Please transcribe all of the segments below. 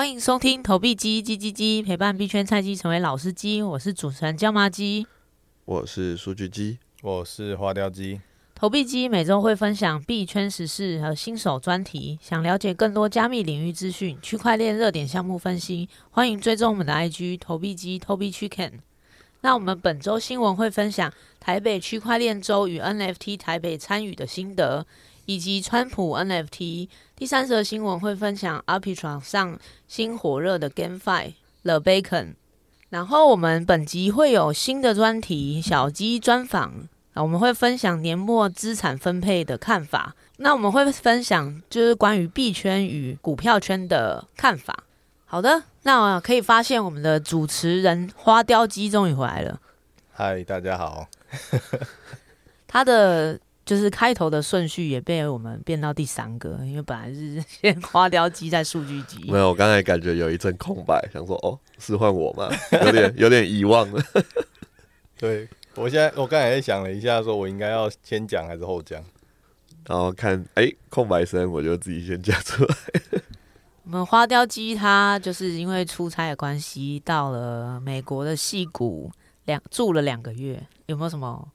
歡迎收聽投幣雞雞雞雞，陪伴幣圈菜雞成為老司機。我是主持人椒麻雞，我是數據雞，我是花雕雞。投幣雞每週會分享幣圈時事和新手專題。想了解更多加密領域資訊、區塊鏈熱點項目分析，歡迎追蹤我們的 IG 投幣雞 Tobi Chicken。那我們本週新聞會分享台北區塊鏈週與 NFT 台北參與的心得。以及川普 NFT 第三則的新聞會分享 Arbitrum 上新火熱的 GameFi The Beacon。然後我們本集會有新的專題小雞專訪啊，我們會分享年末資產分配的看法。那我們會分享就是關於幣圈與股票圈的看法。好的，那可以發現我們的主持人花雕雞終於回來了。嗨，大家好。 他的。就是開頭的順序也被我們變到第三個，因為本來是先花雕雞再數據雞。 沒有，我剛才感覺有一陣空白，想說哦，是換我嗎？有點有點遺忘了。 對我現在，我剛才想了一下，說我應該要先講還是後講，然後看哎、欸、空白聲，我就自己先講出來。 我們花雕雞它就是因為出差的關係，到了美國的矽谷兩住了兩個月，有沒有什麼？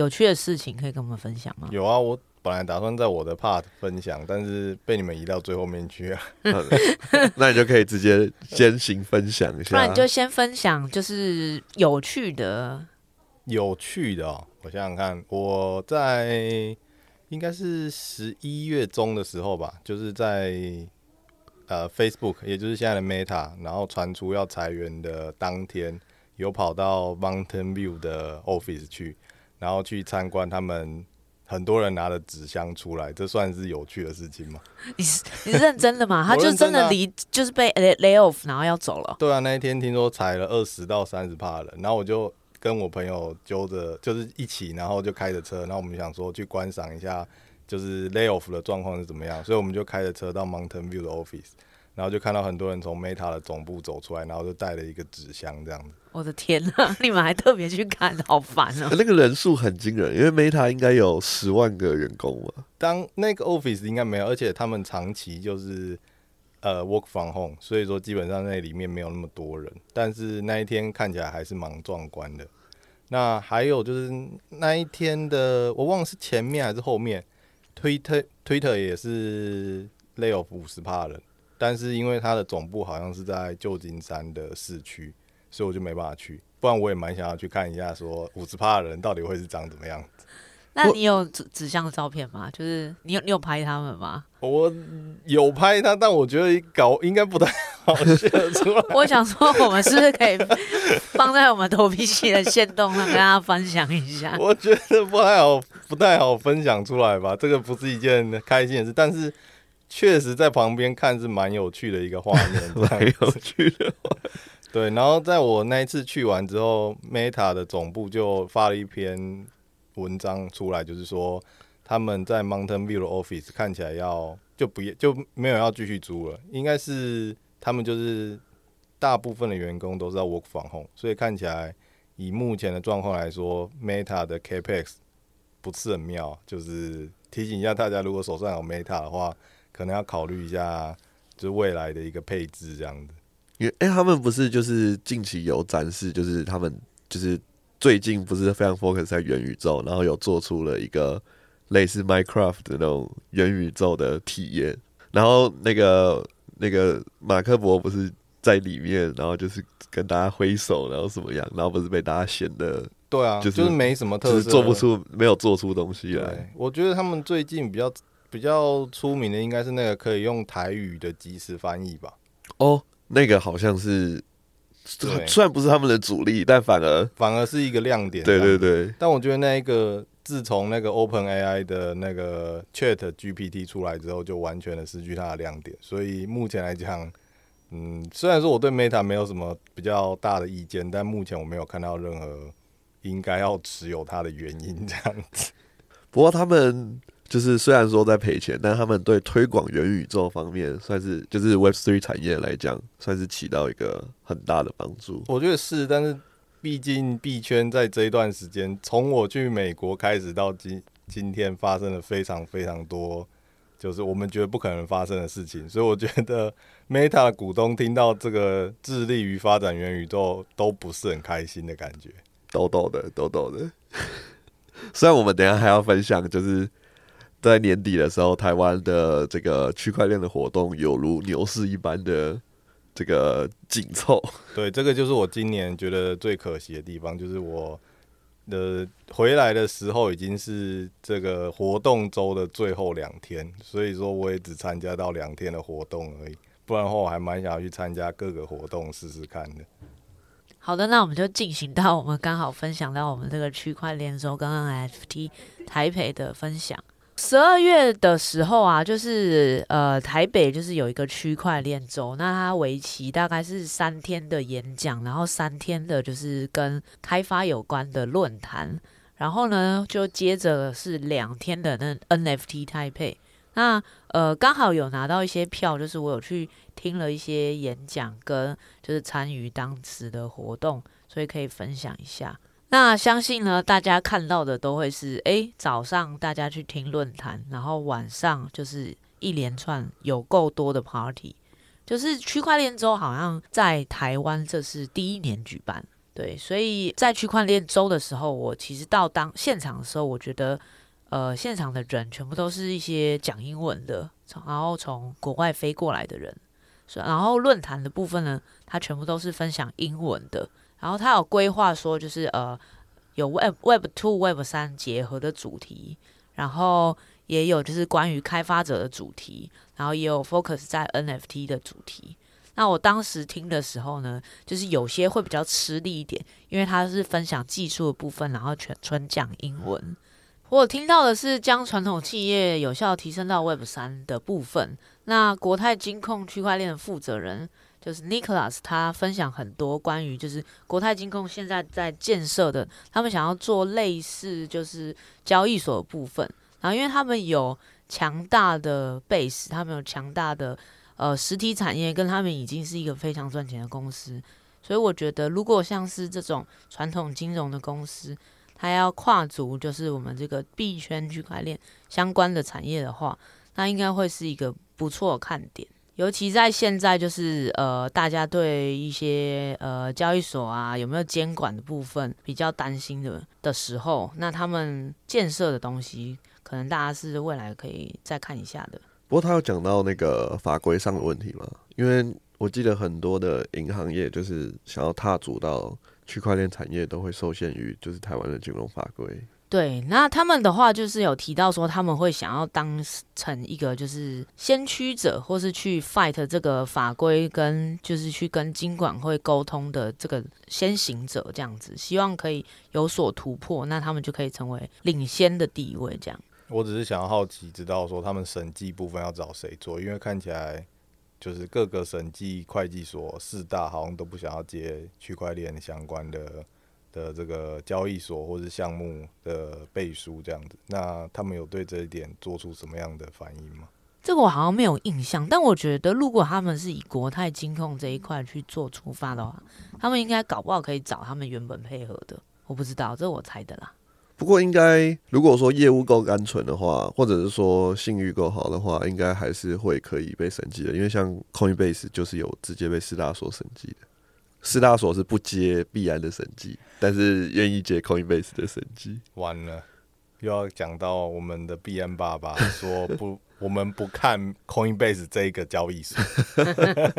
有趣的事情可以跟我們分享嗎？有啊，我本來打算在我的 part 分享，但是被你們移到最後面去，啊。 那你就可以直接先行分享一下。 那你就先分享，就是有趣的，有趣的哦。我想想看，我在應該是十一月中的時候吧，就是在呃 Facebook，也就是現在的 Meta，然後傳出要裁員的當天，有跑到 Mountain View 的 office 去。然後去參觀，他們很多人拿着紙箱出來，這算是有趣的事情嗎？ 你是你是認真的嗎？他就真的離我認真的啊，就是被 lay off，然後要走了。對啊，那一天聽說踩了二十到三十趴了，然後我就跟我朋友揪着，就是一起，然後就開着車，然後我們想說去觀賞一下，就是 lay off 的狀況是怎麼樣，所以我們就開着車到 Mountain View 的 office。然後就看到很多人從 Meta 的總部走出來，然後就帶了一個紙箱這樣子。我的天吶、啊，你們還特別去看， 好煩哦，喔呃。那個人數很驚人，因為 Meta 應該有十萬個員工吧？當那個 Office 應該沒有，而且他們長期就是呃 Work from Home，所以說基本上那裡面沒有那麼多人。但是那一天看起來還是蠻壯觀的。那還有就是那一天的，我忘了是前面還是後面。Twitter Twitter 也是 lay off 五十趴人。但是因為它的總部好像是在舊金山的市區，所以我就沒辦法去。不然我也蠻想要去看一下說，說五十趴的人到底會是長怎麼樣子。那你有指指向的照片嗎？就是你有你有拍他們嗎？我有拍他，但我覺得搞應該不太好寫出來。我想說，我們是不是可以放在我們投幣雞的線動上跟大家分享一下？我覺得不太好，不太好分享出來吧。這個不是一件開心的事，但是。確實在旁邊看是蠻有趣的一個畫面，蠻有趣的。對，然後在我那一次去完之後，Meta 的總部就發了一篇文章出來，就是說他們在 Mountain View Office 看起來要就不就沒有要繼續租了，應該是他們就是大部分的員工都是要 work from home，所以看起來以目前的狀況來說，Meta 的 Capex 不是很妙，就是提醒一下大家，如果手上有 Meta 的話。可能要考慮一下，就是未來的一個配置這樣子。因為哎，他們不是就是近期有展示，就是他們就是最近不是非常 focus 在元宇宙，然後有做出了一個類似 Minecraft 的那種元宇宙的體驗。然後那個那個馬克伯不是在裡面，然後就是跟大家揮手，然後什麼樣，然後不是被大家嫌的、就是？對啊，就是沒什麼特色，就是、做不出，沒有做出東西來。我覺得他們最近比較比較出名的應該是那個可以用台語的即時翻譯吧？哦，那個好像是雖然不是他們的主力，但反而反而是一個亮點。對對對。對對對，但我覺得那一個自從那個 OpenAI 的那個 ChatGPT 出來之後，就完全的失去它的亮點。所以目前來講，嗯，雖然說我對 Meta 沒有什麼比較大的意見，但目前我沒有看到任何應該要持有它的原因。這樣子，不過他們。就是雖然說在賠錢，但他們對推廣元宇宙方面算是，就是 Web Three 產業來講，算是起到一個很大的幫助。我覺得是，但是畢竟幣圈在這一段時間，從我去美國開始到今今天，發生了非常非常多，就是我們覺得不可能發生的事情。所以我覺得 Meta 股東聽到這個致力於發展元宇宙，都不是很開心的感覺，抖抖的，抖抖的。 雖然我們等一下還要分享，就是。在年底的時候，台灣的這個區塊鏈的活動有如牛市一般的這個緊湊。對，這個就是我今年覺得最可惜的地方，就是我的回來的時候已經是這個活動周的最後兩天，所以說我也只參加到兩天的活動而已。不然的話，我還蠻想要去參加各個活動試試看的。好的，那我們就進行到我們剛好分享到我們這個區塊鏈周跟 NFT 台北的分享。十二月的時候啊，就是呃台北就是有一個區塊鏈週，那它為期大概是三天的演講，然後三天的就是跟開發有關的論壇，然後呢就接着是兩天的那 NFT 台北，那呃剛好有拿到一些票，就是我有去聽了一些演講跟就是參與當時的活動，所以可以分享一下。那相信呢，大家看到的都會是，誒，早上大家去聽論壇，然後晚上就是一連串有夠多的 party，就是區塊鏈周好像在台灣這是第一年舉辦，對，所以在區塊鏈周的時候，我其實到當現場的時候，我覺得，呃，現場的人全部都是一些講英文的，然後從國外飛過來的人，所以然後論壇的部分呢，它全部都是分享英文的。然後他有規劃說，就是呃，有 Web Web Two Web 三結合的主題，然後也有就是關於開發者的主題，然後也有 focus 在 NFT 的主題。那我當時聽的時候呢，就是有些會比較吃力一點，因為他是分享技術的部分，然後全程講英文。我聽到的是將傳統企業有效提升到 Web 三的部分。那國泰金控區塊鏈的負責人。就是 Nicholas 他分享很多關於就是國泰金控現在在建設的，他們想要做類似就是交易所的部分，然後因為他們有強大的 base，他們有強大的呃實體產業，跟他們已經是一個非常賺錢的公司，所以我覺得如果像是這種傳統金融的公司，他要跨足就是我們這個幣圈區塊鏈相關的產業的話，那應該會是一個不錯的看點。尤其在現在，就是呃，大家對一些呃交易所啊，有沒有監管的部分比較擔心的的時候，那他們建設的東西，可能大家是未來可以再看一下的。不過，他有講到那個法規上的問題嗎？因為我記得很多的銀行業就是想要踏足到區塊鏈產業，都會受限於就是台灣的金融法規。對，那他們的話就是有提到說他們會想要當成一個就是先驅者，或是去 fight 這個法規跟就是去跟金管會溝通的這個先行者這樣子，希望可以有所突破，那他們就可以成為領先的地位這樣。我只是想要好奇，知道說他們審計部分要找誰做，因為看起來就是各個審計會計所四大好像都不想要接區塊鏈相關的。的這個交易所或者項目的背書這樣子，那他們有對這一點做出什麼樣的反應嗎？這個我好像沒有印象，但我覺得如果他們是以國泰金控這一塊去做出發的話，他們應該搞不好可以找他們原本配合的，我不知道，這是我猜的啦。不過應，應該如果說業務夠單純的話，或者是說信譽夠好的話，應該還是會可以被審計的，因為像 Coinbase 就是有直接被四大所審計的。四大所是不接 BN 的審計，但是願意接 Coinbase 的審計。完了，又要講到我們的 BN 爸爸說不， 我們不看 Coinbase 這一個交易所。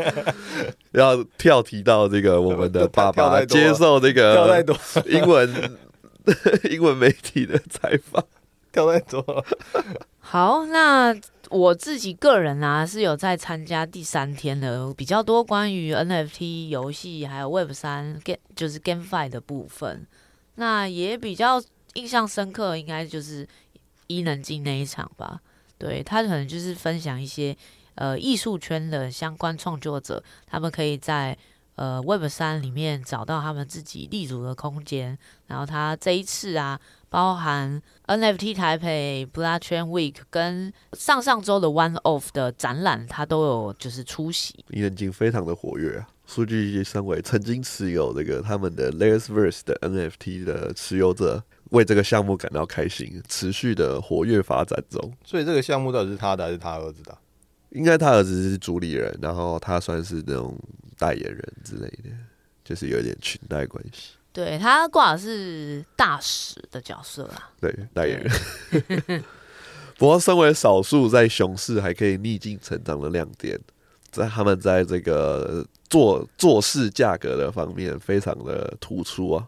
要跳提到這個我們的爸爸接受這個英文 英文媒體的採訪。了。 好，那我自己個人啊，是有在參加第三天的比較多關於 NFT 遊戲還有 Web 三 Game 就是 GameFi 的部分。那也比較印象深刻，應該就是伊能靜那一場吧。對，他可能就是分享一些呃藝術圈的相關創作者，他們可以在呃 Web 三裡面找到他們自己立足的空間。然後他這一次啊。包含 NFT 台北區塊鏈 Week 跟上上週的 One-off 的展覽，他都有就是出席。你已經非常的活躍啊，數據上為曾經持有這個他們的 Layersverse 的 NFT 的持有者，為這個項目感到開心，持續的活躍發展中。所以這個項目到底是他的還是他兒子的？應該他兒子是主理人，然後他算是那種代言人之類的，就是有一點裙帶關係。對，他掛的是大使的角色啊，對，代言人。那個、 不過，身為少數在熊市還可以逆境成長的亮點，在他們在這個做做事價格的方面非常的突出啊。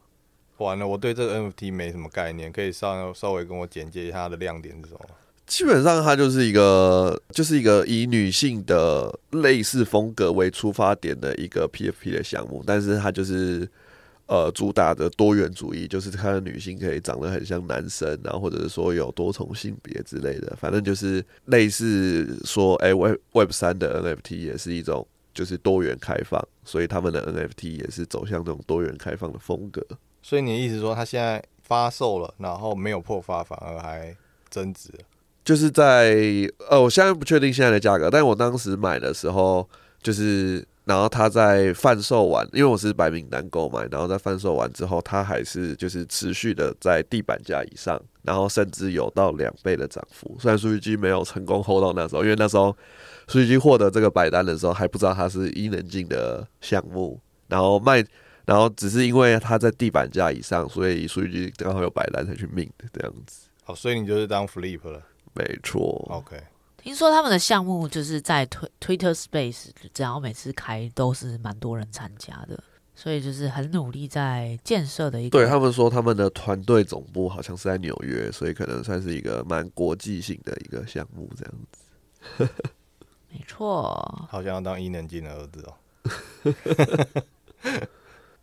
完了，我對這個 NFT 沒什麼概念，可以上稍，稍微跟我簡介一下它的亮點是什麼？基本上，它就是一個就是一個以女性的類似風格為出發點的一個 PFP 的項目，但是它就是。呃，主打的多元主義就是看女性可以長得很像男生，然後或者是說有多重性別之類的，反正就是類似說，哎，Web Web 三的 NFT 也是一種，就是多元開放，所以他們的 NFT 也是走向這種多元開放的風格。所以你的意思說，它現在發售了，然後沒有破發，反而還增值？就是在呃，我現在不確定現在的價格，但我當時買的時候就是。然後他在販售完，因為我是白名單購買，然後在販售完之後，他還是就是持續的在地板價以上，然後甚至有到兩倍的漲幅。雖然數據雞沒有成功 hold 到那時候，因為那時候數據雞獲得這個白單的時候還不知道它是伊能靜的項目，然後賣，然後只是因為它在地板價以上，所以數據雞剛好有白單才去命的這樣子。好，哦，所以你就是當 flip 了，沒錯。OK。聽說他們的項目就是在推 Twitter Space，只要每次開都是蠻多人參加的，所以就是很努力在建設的一個。對，他們說他們的團隊總部好像是在紐約，所以可能算是一個蠻國際性的一個項目這樣子。 沒錯。好像要當一年級的兒子哦。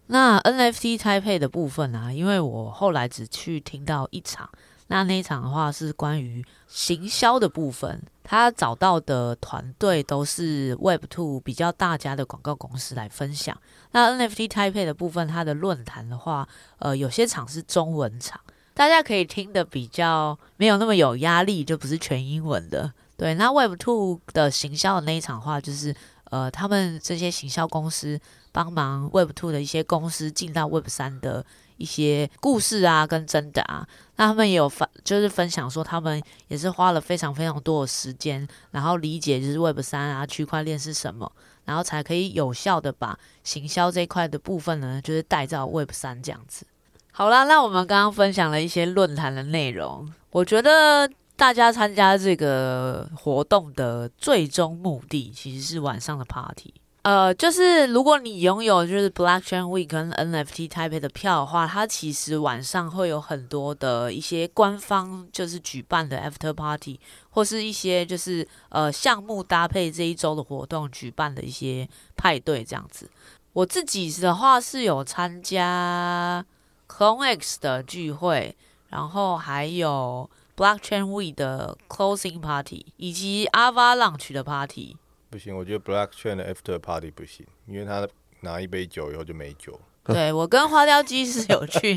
那 NFT 台北的部分啊，因為我後來只去聽到一場。那那一場的話是關於行銷的部分，他找到的團隊都是 Web Two 比較大家的廣告公司來分享。那 NFT Taipei 的部分，它的論壇的話，呃，有些場是中文場，大家可以聽得比較沒有那麼有壓力，就不是全英文的。對，那 Web Two 的行銷的那一場的話，就是呃，他們這些行銷公司幫忙 Web Two 的一些公司進到 Web 三的。一些故事啊，跟真的啊，那他們也有發，就是分享說他們也是花了非常非常多的時間，然後理解就是 Web 三啊，區塊鏈是什麼，然後才可以有效的把行銷這一塊的部分呢，就是帶到 Web 三這樣子。好啦，那我們剛剛分享了一些論壇的內容，我覺得大家參加這個活動的最終目的，其實是晚上的 party。呃，就是如果你擁有就是 Blockchain Week 跟 NFT Taipei 的票的話，它其實晚上會有很多的一些官方就是舉辦的 After Party，或是一些就是呃項目搭配這一周的活動舉辦的一些派對這樣子。我自己的話是有參加 CoinEx 的聚會，然後還有 Blockchain Week 的 Closing Party 以及 Avalanche 的 Party。不行，我覺得 Blockchain 的 After Party 不行，因為他拿一杯酒以後就沒酒。對，我跟花雕雞是有去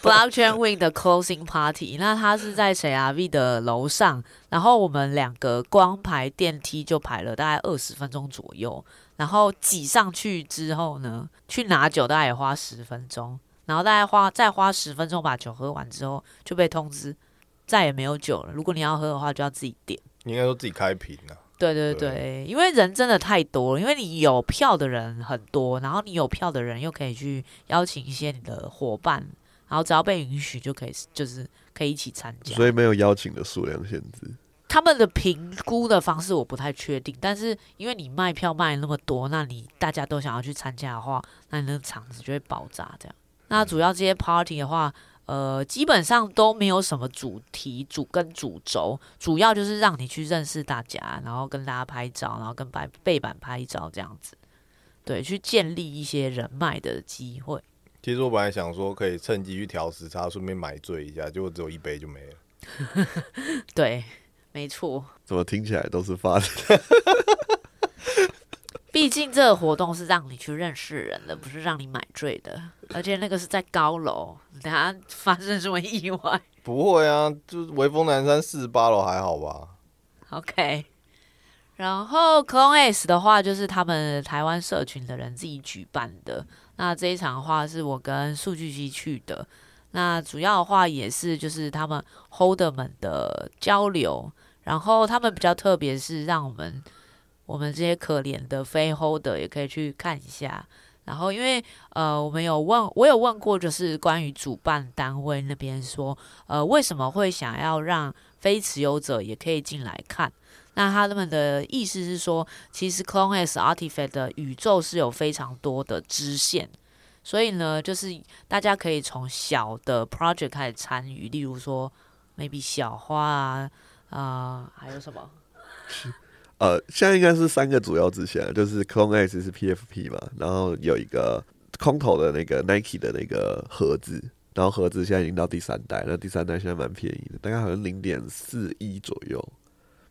Blockchain Week 的 Closing Party， 那他是在誰啊？V 的樓上，然後我們兩個光排電梯就排了大概二十分鐘左右，然後擠上去之後呢，去拿酒大概也花十分鐘，然後大概花再花十分鐘把酒喝完之後，就被通知再也沒有酒了。如果你要喝的話，就要自己點，你應該說自己開瓶了、啊對對對,對，因為人真的太多了，因為你有票的人很多，然後你有票的人又可以去邀請一些你的夥伴，然後只要被允許就可以，就是可以一起參加。所以沒有邀請的數量限制。他們的評估的方式我不太確定， 但是因為你賣票賣那麼多，那你大家都想要去參加的話，那你那個場子就會爆炸這樣。那主要這些 party 的話。嗯呃，基本上都沒有什麼主題主跟主軸，主要就是讓你去認識大家，然後跟大家拍照，然後跟白背板拍照這樣子，對，去建立一些人脈的機會。其實我本來想說可以趁機去調時差，順便買醉一下，結果只有一杯就沒了。 對，沒錯。怎麼聽起來都是發。 畢竟這個活動是讓你去認識人的，不是讓你買醉的。而且那個是在高樓，等下發生什麼意外？不會啊，就是微風南山四十八樓還好吧？OK。然後 CloneX 的話，就是他們台灣社群的人自己舉辦的。那這一場的話，是我跟數據雞去的。那主要的話也是就是他們 Holder 們的交流。然後他們比較特別是讓我們。我們這些可憐的非 holder 也可以去看一下。然後，因為呃，我們有問，我有問過，就是關於主辦單位那邊說，呃，為什麼會想要讓非持有者也可以進來看？那他們的意思是說，其實 Clone X Artifact 的宇宙是有非常多的支線，所以呢，就是大家可以從小的 project 開始參與，例如說 maybe 小花啊，啊、呃，還有什麼？ 呃，現在應該是三個主要支線，就是 Clone X 是 PFP 嘛，然後有一個空投的那個 Nike 的那個盒子，然後盒子現在已經到第三代，那第三代現在蠻便宜的，大概好像零點四一左右。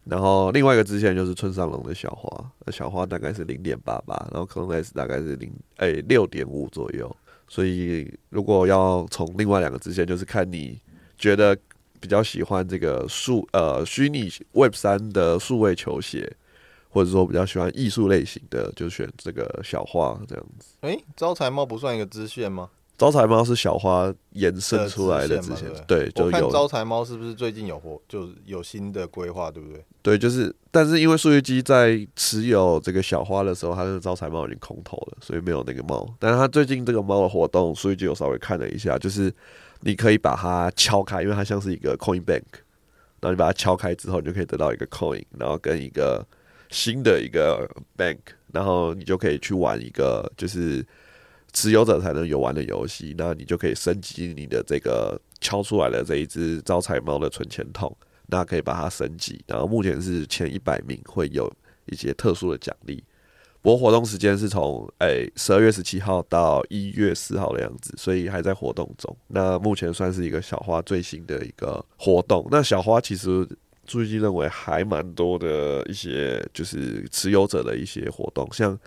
然後另外一個支線就是村上隆的小花，小花大概是零點八八，然後 Clone X 大概是零哎六點五左右。所以如果要從另外兩個支線，就是看你覺得。比較喜歡這個數呃虛擬 Web 三的數位球鞋，或者說比較喜歡藝術類型的，就選這個小花這樣子。哎、欸，招財貓不算一個支線嗎？招財貓是小花延伸出來的支線，呃，線嗎？對，對，就有，我看招財貓是不是最近有活，就是有新的規劃，對不對？對，就是，但是因為數據機在持有這個小花的時候，它的招財貓已經空投了，所以沒有那個貓。但是它最近這個貓的活動，數據機有稍微看了一下，就是。你可以把它敲開，因為它像是一個 coin bank，然後你把它敲開之後，你就可以得到一個 coin，然後跟一個新的一個 bank，然後你就可以去玩一個就是持有者才能遊玩的遊戲，那你就可以升級你的這個敲出來的這一隻招財貓的存錢桶。那可以把它升級，然後目前是前一百名會有一些特殊的獎勵。我活動時間是從誒十二月十七號到一月四號的樣子，所以還在活動中。那目前算是一個小花最新的一個活動。那小花其實最近認為還蠻多的一些就是持有者的一些活動，像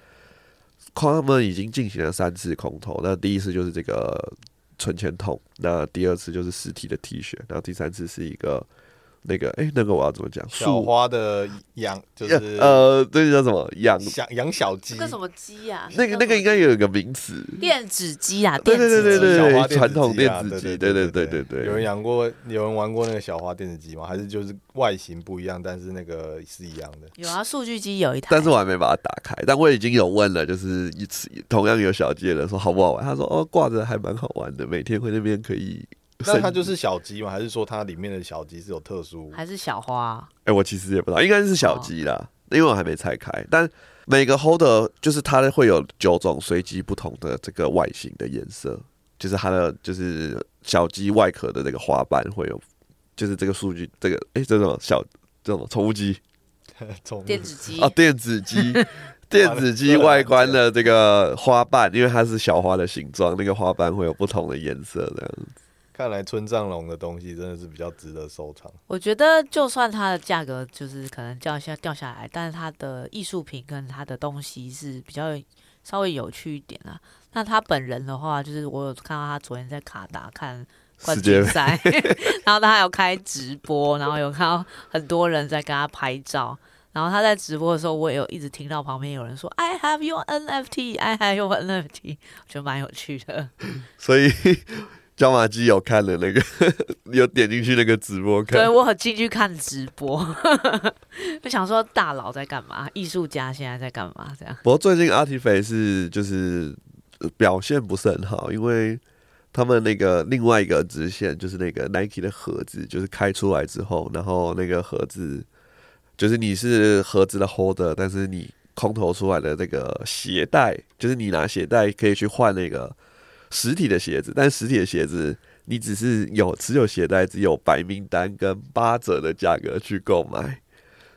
他們已經進行了三次空投。那第一次就是這個存錢桶，那第二次就是實體的 T 恤，然後第三次是一個。那個哎、欸，那個我要怎麼講？小花的養就是、嗯、呃，對，個叫什麼養養養小雞、這個啊？那個什麼雞呀？那個那個應該有一個名詞，電子雞啊，電子雞對對對對對。小花傳、啊、統電子雞，對對對對對,對對對對對對。有人養過，有人玩過那個小花電子雞嗎？還是就是外形不一樣，但是那個是一樣的？有啊，數據機有一台，但是我還沒把它打開。但我已經有問了，就是一次同樣有小雞了，說好不好玩？他說哦，掛着還蠻好玩的，每天回那邊可以。那它就是小雞嗎？還是說它裡面的小雞是有特殊？還是小花？哎、欸，我其實也不知道，應該是小雞啦、哦，因為我還沒拆開。但每個 holder 就是它會有九種隨機不同的這個外形的顏色，就是它的就是小雞外殼的這個花瓣會有，就是這個數據，這個哎、欸、這種小這種寵物雞 寵物、哦，電子雞啊， 電子雞，電子雞外觀的這個花瓣，因為它是小花的形狀，那個花瓣會有不同的顏色，這樣子。看來村上隆的東西真的是比較值得收藏。我覺得，就算它的價格就是可能掉下掉下來，但是它的藝術品跟他的東西是比較稍微有趣一點啊。那他本人的話，就是我有看到他昨天在卡達看冠軍賽， 然後他還有開直播，然後有看到很多人在跟他拍照。然後他在直播的時候，我也有一直聽到旁邊有人說：“I have your NFT？”“I have your NFT？” 我覺得蠻有趣的，所以。 椒麻雞有看的那個， 你有點進去那個直播看？對，對我很進去看直播，就 想說大佬在幹嘛，藝術家現在在幹嘛這樣。不過最近阿提菲是就是表現不是很好，因為他們那個另外一個支線就是那個 Nike 的盒子，就是開出來之後，然後那個盒子就是你是盒子的 Holder，但是你空投出來的那個鞋帶，就是你拿鞋帶可以去換那個。實體的鞋子，但實體的鞋子你只是有持有鞋帶，只有白名單跟八折的價格去購買，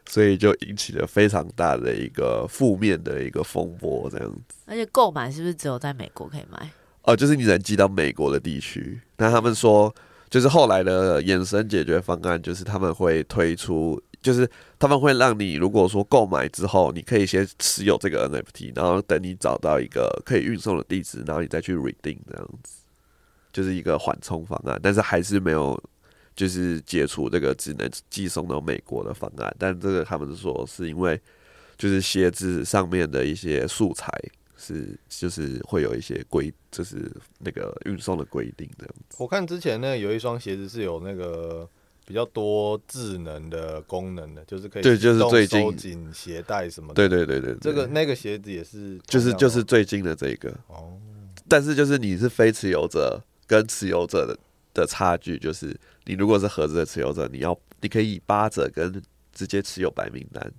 所以就引起了非常大的一個負面的一個風波，這樣子。而且購買是不是只有在美國可以買？哦、呃，就是你能寄到美國的地區。那他們說，就是後來的衍生解決方案，就是他們會推出。就是他們會讓你，如果說購買之後，你可以先持有這個 NFT，然後等你找到一個可以運送的地址，然後你再去 redeem 這樣子，就是一個緩衝方案。但是還是沒有，就是解除這個只能寄送到美國的方案。但這個他們說是因為，就是鞋子上面的一些素材是，就是會有一些規，就是那個運送的規定這樣子。我看之前呢有一雙鞋子是有那個。比較多智能的功能的，就是可以對，就是最近緊鞋帶什麼？對，對對對對，這個那個鞋子也是，就是就是最近的這一個哦。但是就是你是非持有者跟持有者的的差距，就是你如果是盒子的持有者，你要你可以八折跟直接持有白名單。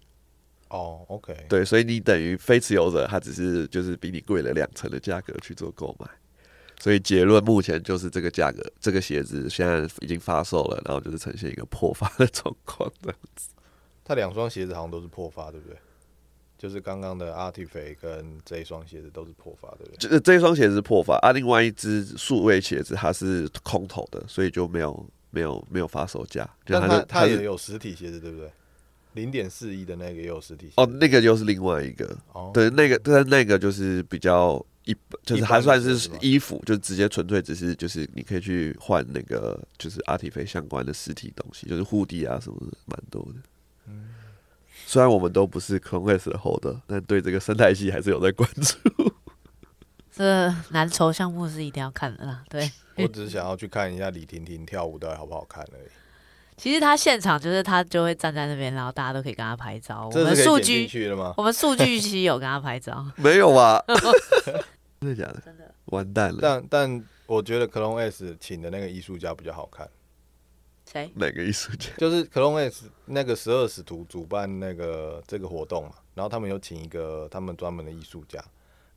哦，OK，對，所以你等於非持有者，他只是就是比你貴了兩成的價格去做購買。所以結論目前就是這個價格，這個鞋子現在已經發售了，然後就是呈現一個破發的狀況這樣子。它兩雙鞋子好像都是破發，對不對？就是剛剛的 Artifact 跟這一雙鞋子都是破發，對不對？就是這一雙鞋子是破發啊，另外一只數位鞋子它是空投的，所以就沒有沒有沒有發售價。但它它是它也有實體鞋子，對不對？零點四一的那個也有實體鞋子哦，那個又是另外一個哦，對，那個對，那個就是比較。就是還算是衣服，就直接純粹只是就是你可以去換那個就是 Artifact 相關的實體東西，就是 Hoodie 啊什麼的，蠻多的、嗯。雖然我們都不是 Conquest 的 Holder，但對這個生態系還是有在關注。這藍籌項目是一定要看的啦，對。我只是想要去看一下李婷婷跳舞到底好不好看而已。其實他現場就是他就會站在那邊，然後大家都可以跟他拍照。我們數據我們數據其實有跟他拍照？ 沒有吧？ 真的假的？真的完蛋了。但但我覺得克隆 s 請的那個藝術家比較好看。誰？哪個藝術家？就是克隆 s 那個十二使徒主辦那個這個活動嘛。然後他們有請一個他們專門的藝術家，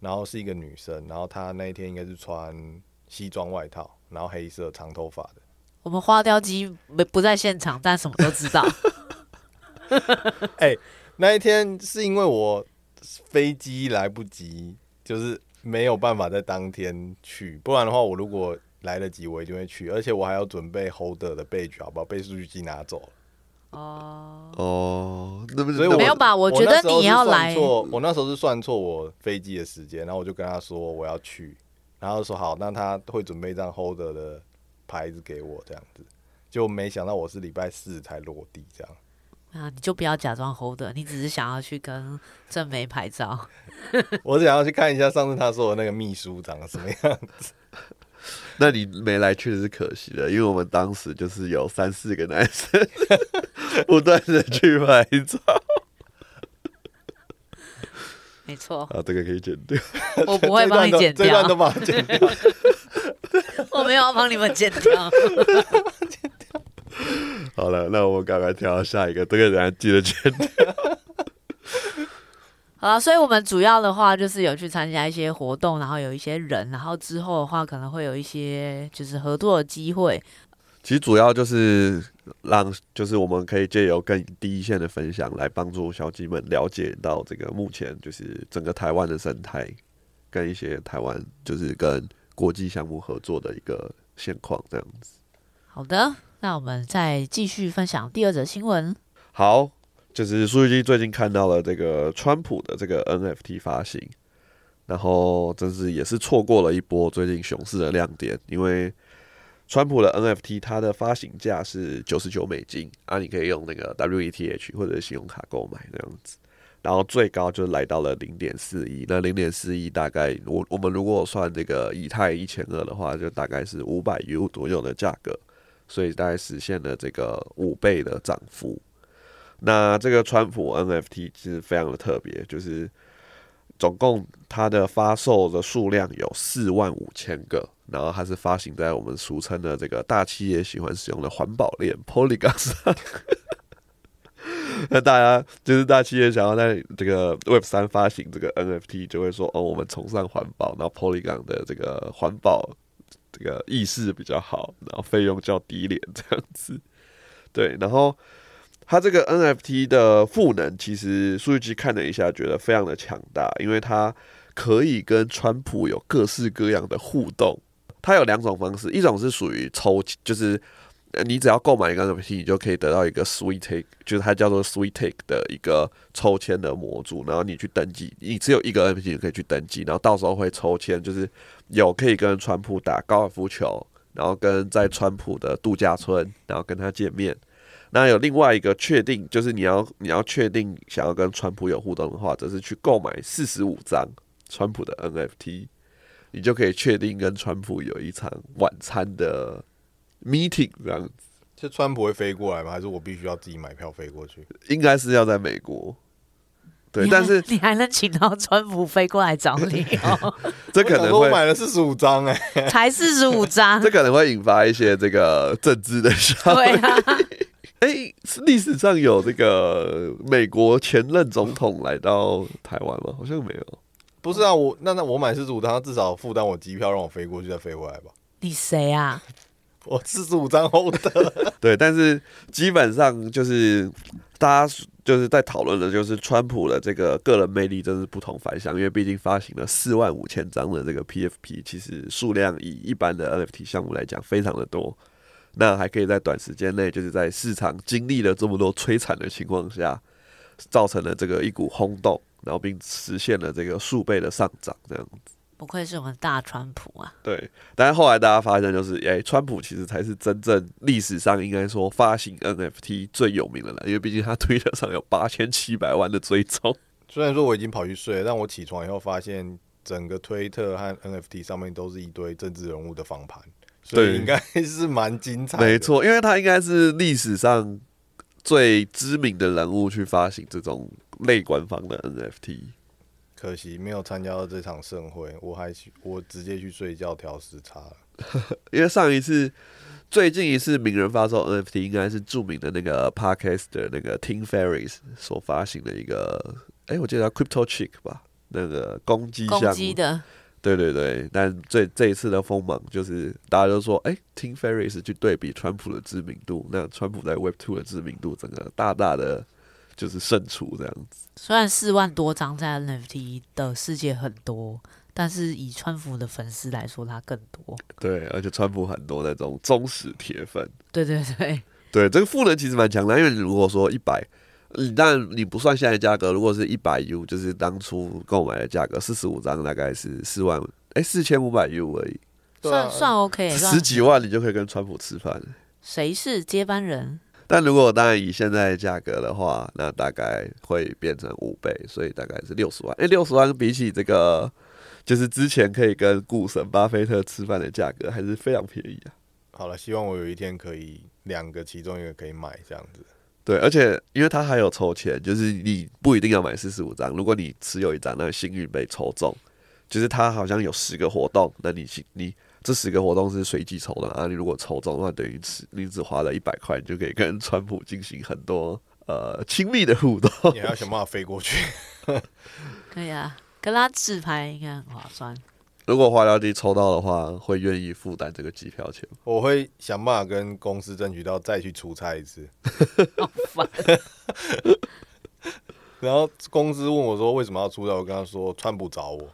然後是一個女生，然後她那一天應該是穿西裝外套，然後黑色長頭髮的。我們花雕雞沒不在現場，但什麼都知道。哎、 欸，那一天是因為我飛機來不及，就是。沒有辦法在當天去，不然的話，我如果來得及，我一定會去。而且我還要準備 holder 的備具，好不好？被數據機拿走了。哦哦，所以我沒有吧？我覺得你要來。沒錯，我那時候是算錯我飛機的時間，然後我就跟他說我要去，然後說好，那他會準備一張 holder 的牌子給我，這樣子。就沒想到我是禮拜四才落地這樣。啊！你就不要假裝 holder，你只是想要去跟鄭梅拍照，我想要去看一下上次他說的那個秘書長得什麼樣子？ 那你沒來確實是可惜的，因為我們當時就是有三四個男生不斷的去拍照。沒錯。啊，這個可以剪掉。我不會幫你剪掉。幫你剪掉。 剪掉 我沒有要幫你們剪掉。 好了，那我們趕快跳到下一個。這個人記得圈掉。好了，所以我們主要的話就是有去參加一些活動，然後有一些人，然後之後的話可能會有一些就是合作的機會。其實主要就是讓，就是我們可以借由跟第一線的分享，來幫助小雞們了解到這個目前就是整個台灣的生態，跟一些台灣就是跟國際項目合作的一個現況這樣子。好的。那我們再繼續分享第二則新聞。好，就是蘇玉最近看到了這個川普的這個 NFT 發行，然後真是也是錯過了一波最近熊市的亮點，因為川普的 NFT 它的發行價是九十九美金啊，你可以用那個 WETH 或者信用卡購買那樣子，然後最高就來到了零點四億，那零點四億大概我我們如果算這個以太一千二的話，就大概是五百 U 左右的價格。所以大概實現了這個五倍的漲幅。那這個川普 NFT 其實非常的特別，就是總共它的發售的數量有四萬五千個，然後它是發行在我們俗稱的這個大企業喜歡使用的環保鏈 Polygon 上。 那大家就是大企業想要在這個 Web 三發行這個 NFT，就會說哦，我們崇尚環保，然後 Polygon 的這個環保。這個意識比較好，然後費用較低廉這樣子。對，然後它這個 NFT 的賦能，其實數據看了一下，覺得非常的強大，因為它可以跟川普有各式各樣的互動。它有兩種方式，一種是屬於抽，就是。你只要購買一個 NFT，你就可以得到一個 Sweet Take，就是它叫做 Sweet Take 的一個抽籤的模組。然後你去登記，你只有一個 NFT 就可以去登記。然後到時候會抽籤，就是有可以跟川普打高爾夫球，然後跟在川普的度假村，然後跟他見面。那有另外一個確定，就是你要你要確定想要跟川普有互動的話，就是去購買四十五張川普的 NFT，你就可以確定跟川普有一場晚餐的 meeting 這樣子，是川普會飛過來嗎？還是我必須要自己買票飛過去？應該是要在美國。對，但是你還能請到川普飛過來找你哦？喔？ 這可能會說，我買了四十五張，哎，才四十五張， 這可能會引發一些這個政治的對哎、啊，歷、 欸、史上有這個美國前任總統來到台灣嗎？好像沒有。不是啊，我那那我買四十五張，至少負擔我機票，讓我飛過去再飛回來吧。你誰啊？我四十五張 hold 的，對，但是基本上就是大家就是在討論的，就是川普的這個個人魅力真是不同凡響，因為畢竟發行了四萬五千張的這個 PFP，其實數量以一般的 NFT 項目來講非常的多，那還可以在短時間內，就是在市場經歷了這麼多摧殘的情況下，造成了這個一股轟動，然後並實現了這個數倍的上漲這樣子。不愧是我們大川普啊！對，但是後來大家發現，就是哎、欸，川普其實才是真正歷史上應該說發行 NFT 最有名的了，因為畢竟他推特上有八千七百萬的追蹤。雖然說我已經跑去睡了，但我起床以後發現，整個推特和 NFT 上面都是一堆政治人物的仿盤，所以應該是蠻精彩的。沒錯，因為他應該是歷史上最知名的人物去發行這種類官方的 NFT。可惜沒有參加到這場盛會，我還我直接去睡覺調時差了。 因為上一次，最近一次名人發售 NFT 應該是著名的那個 Podcaster 的那個 Tim Ferriss 所發行的一個，哎，我記得叫 Crypto Chick 吧，那個攻擊箱攻擊的，對對對。但這這一次的鋒芒就是大家都說，哎，Tim Ferriss 去對比川普的知名度，那川普在 Web Two 的知名度整個大大的。就是勝出這樣子。雖然四萬多張在 NFT 的世界很多，但是以川普的粉絲來說，他更多。對，而且川普很多那種忠實鐵粉。對對對。對，這個賦能其實蠻強的，因為你如果說一百，但你不算現在價格，如果是一百 U，就是當初購買的價格，四十五張大概是四萬，哎、欸，四千五百 U 而已，啊、算算 OK，算十幾萬你就可以跟川普吃飯。誰是接班人？但如果當然以現在的價格的話，那大概會變成五倍，所以大概是六十萬。因為六十萬比起這個，就是之前可以跟股神巴菲特吃飯的價格，還是非常便宜啊。好了，希望我有一天可以兩個其中一個可以買這樣子。對，而且因為他還有抽籤，就是你不一定要買四十五張，如果你持有一張，那你幸運被抽中，就是他好像有十個活動，那你你。這十個活動是隨機抽的啊！你如果抽中，那等於你只花了一百塊，你就可以跟川普進行很多呃親密的互動。你還要想辦法飛過去。 可以啊，跟他紙牌應該很划算。如果花雕雞抽到的話，會願意負擔這個機票錢。我會想辦法跟公司爭取到再去出差一次。 好煩煩。 然後公司問我說，為什麼要出差，我跟他說川普找我。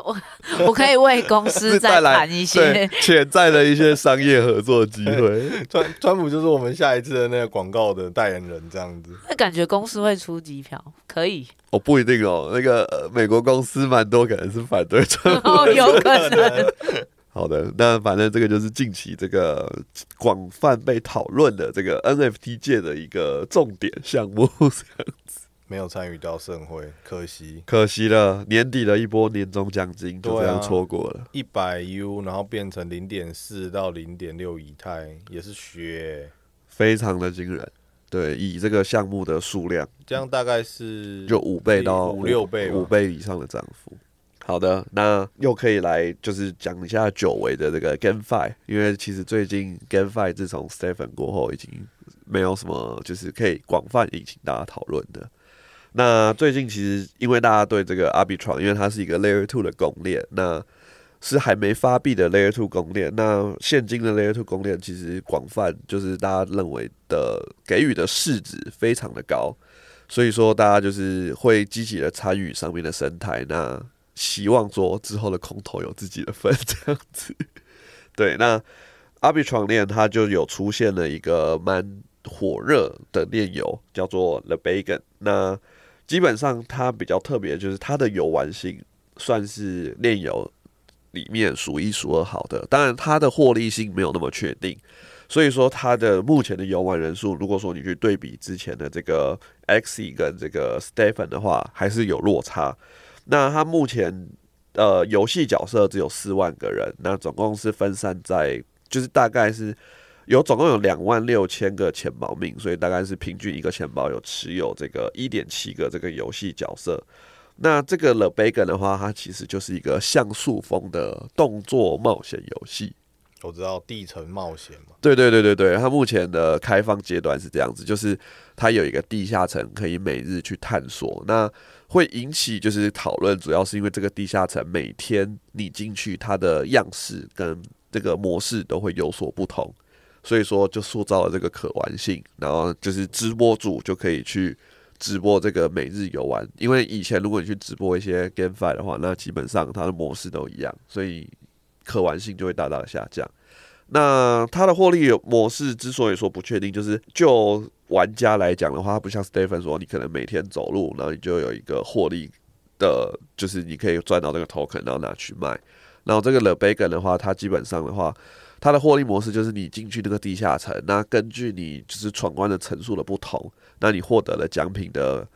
我 我可以為公司帶來一些潛在的一些商業合作機會。 欸、川川普就是我們下一次的那個廣告的代言人，這樣子。那感覺公司會出機票，可以。哦，不一定哦。那個、呃、美國公司蠻多，可能是反對川普、 哦，有可能。 好的，那反正這個就是近期這個廣泛被討論的這個 NFT 界的一個重點項目，這樣子。沒有參與到盛會，可惜，可惜了。年底的一波年終獎金就這樣錯過了。一百 U，然後變成零點四到零點六以太，也是血，非常的驚人。對，以這個項目的數量，這樣大概是就五倍到五六倍，五倍以上的漲幅。好的，那又可以來就是講一下久違的這個 GameFi，因為其實最近 GameFi 自從 Stephen 過後，已經沒有什麼就是可以廣泛引起大家討論的。那最近其實，因為大家對這個 Arbitrum，因為它是一個 Layer Two 的公鏈，那是還沒發幣的 Layer Two 公鏈。那現今的 Layer Two 公鏈其實廣泛，就是大家認為的給予的市值非常的高，所以說大家就是會積極的參與上面的生態。那希望說之後的空投有自己的份，這樣子。對，那 Arbitrum 鏈它就有出現了一個蠻火熱的鏈遊，叫做 The Beacon。那基本上它比較特別，就是它的遊玩性算是鏈遊裡面數一數二好的。當然，它的獲利性沒有那麼確定，所以說它的目前的遊玩人數，如果說你去對比之前的這個 Axie 跟這個 StepN 的話，還是有落差。那它目前呃遊戲角色只有四萬個人，那總共是分散在，就是大概是。有總共有兩萬六千個錢包命，所以大概是平均一個錢包有持有這個一點七個這個遊戲角色。那這個《The Beacon》的話，它其實就是一個像素風的動作冒險遊戲。我知道地城冒險嘛。對對對對對，它目前的開放階段是這樣子，就是它有一個地下城可以每日去探索。那會引起就是討論，主要是因為這個地下城每天你進去，它的樣式跟這個模式都會有所不同。所以說，就塑造了這個可玩性，然後就是直播主就可以去直播這個每日遊玩。因為以前如果你去直播一些 GameFi 的話，那基本上它的模式都一樣，所以可玩性就會大大的下降。那它的獲利模式之所以說不確定，就是就玩家來講的話，它不像 Stephen 說，你可能每天走路，然後你就有一個獲利的，就是你可以賺到這個 token，然後拿去賣。然後這個 The Beacon 的話，它基本上的話。它的獲利模式就是你進去那個地下城，那根據你就是闖關的層數的不同，那你獲得的獎品的，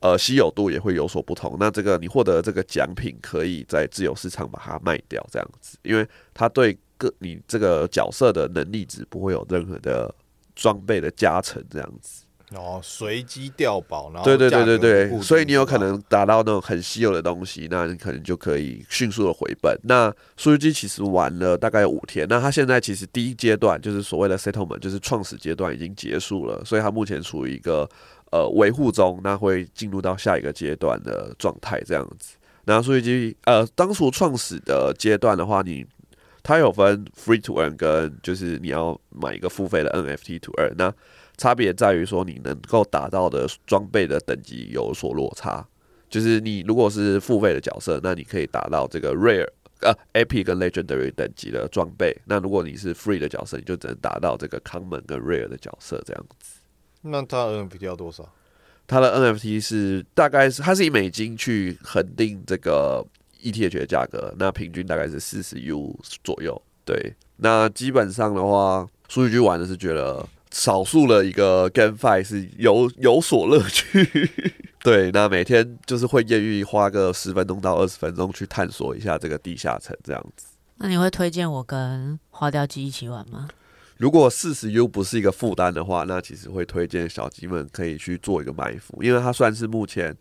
呃，稀有度也會有所不同。那這個你獲得這個獎品，可以在自由市場把它賣掉，這樣子，因為它對個你這個角色的能力值不會有任何的裝備的加成，這樣子。哦，隨機掉寶，然後對對對對對，所以你有可能達到那種很稀有的東西，那你可能就可以迅速的回本。那 The Beacon 其實玩了大概五天，那它現在其實第一階段就是所謂的 settlement，就是創始階段已經結束了，所以它目前處於一個呃維護中，那會進入到下一個階段的狀態這樣子。那 The Beacon 呃，當初創始的階段的話，你它有分 free to earn 跟就是你要買一個付費的 NFT to earn 那。差別在於說，你能夠達到的裝備的等級有所落差。就是你如果是付費的角色，那你可以達到這個 rare 啊、啊 epic 跟 legendary 等級的裝備。那如果你是 free 的角色，你就只能達到這個 common 跟 rare 的角色這樣子。那它的 NFT 要多少？它的 NFT 是大概是，它是以美金去恆定這個 ETH 的價格，那平均大概是四十 U 左右。對，那基本上的話，數據局玩的是覺得。少數的一個 GameFi 是有有所樂趣， 對。那每天就是會願意，花個十分鐘到二十分鐘去探索一下這個地下城這樣子。那你會推薦我跟花雕雞一起玩嗎？如果四十 U 不是一個負擔的話，那其實會推薦小雞們可以去做一個埋伏，因為它算是目前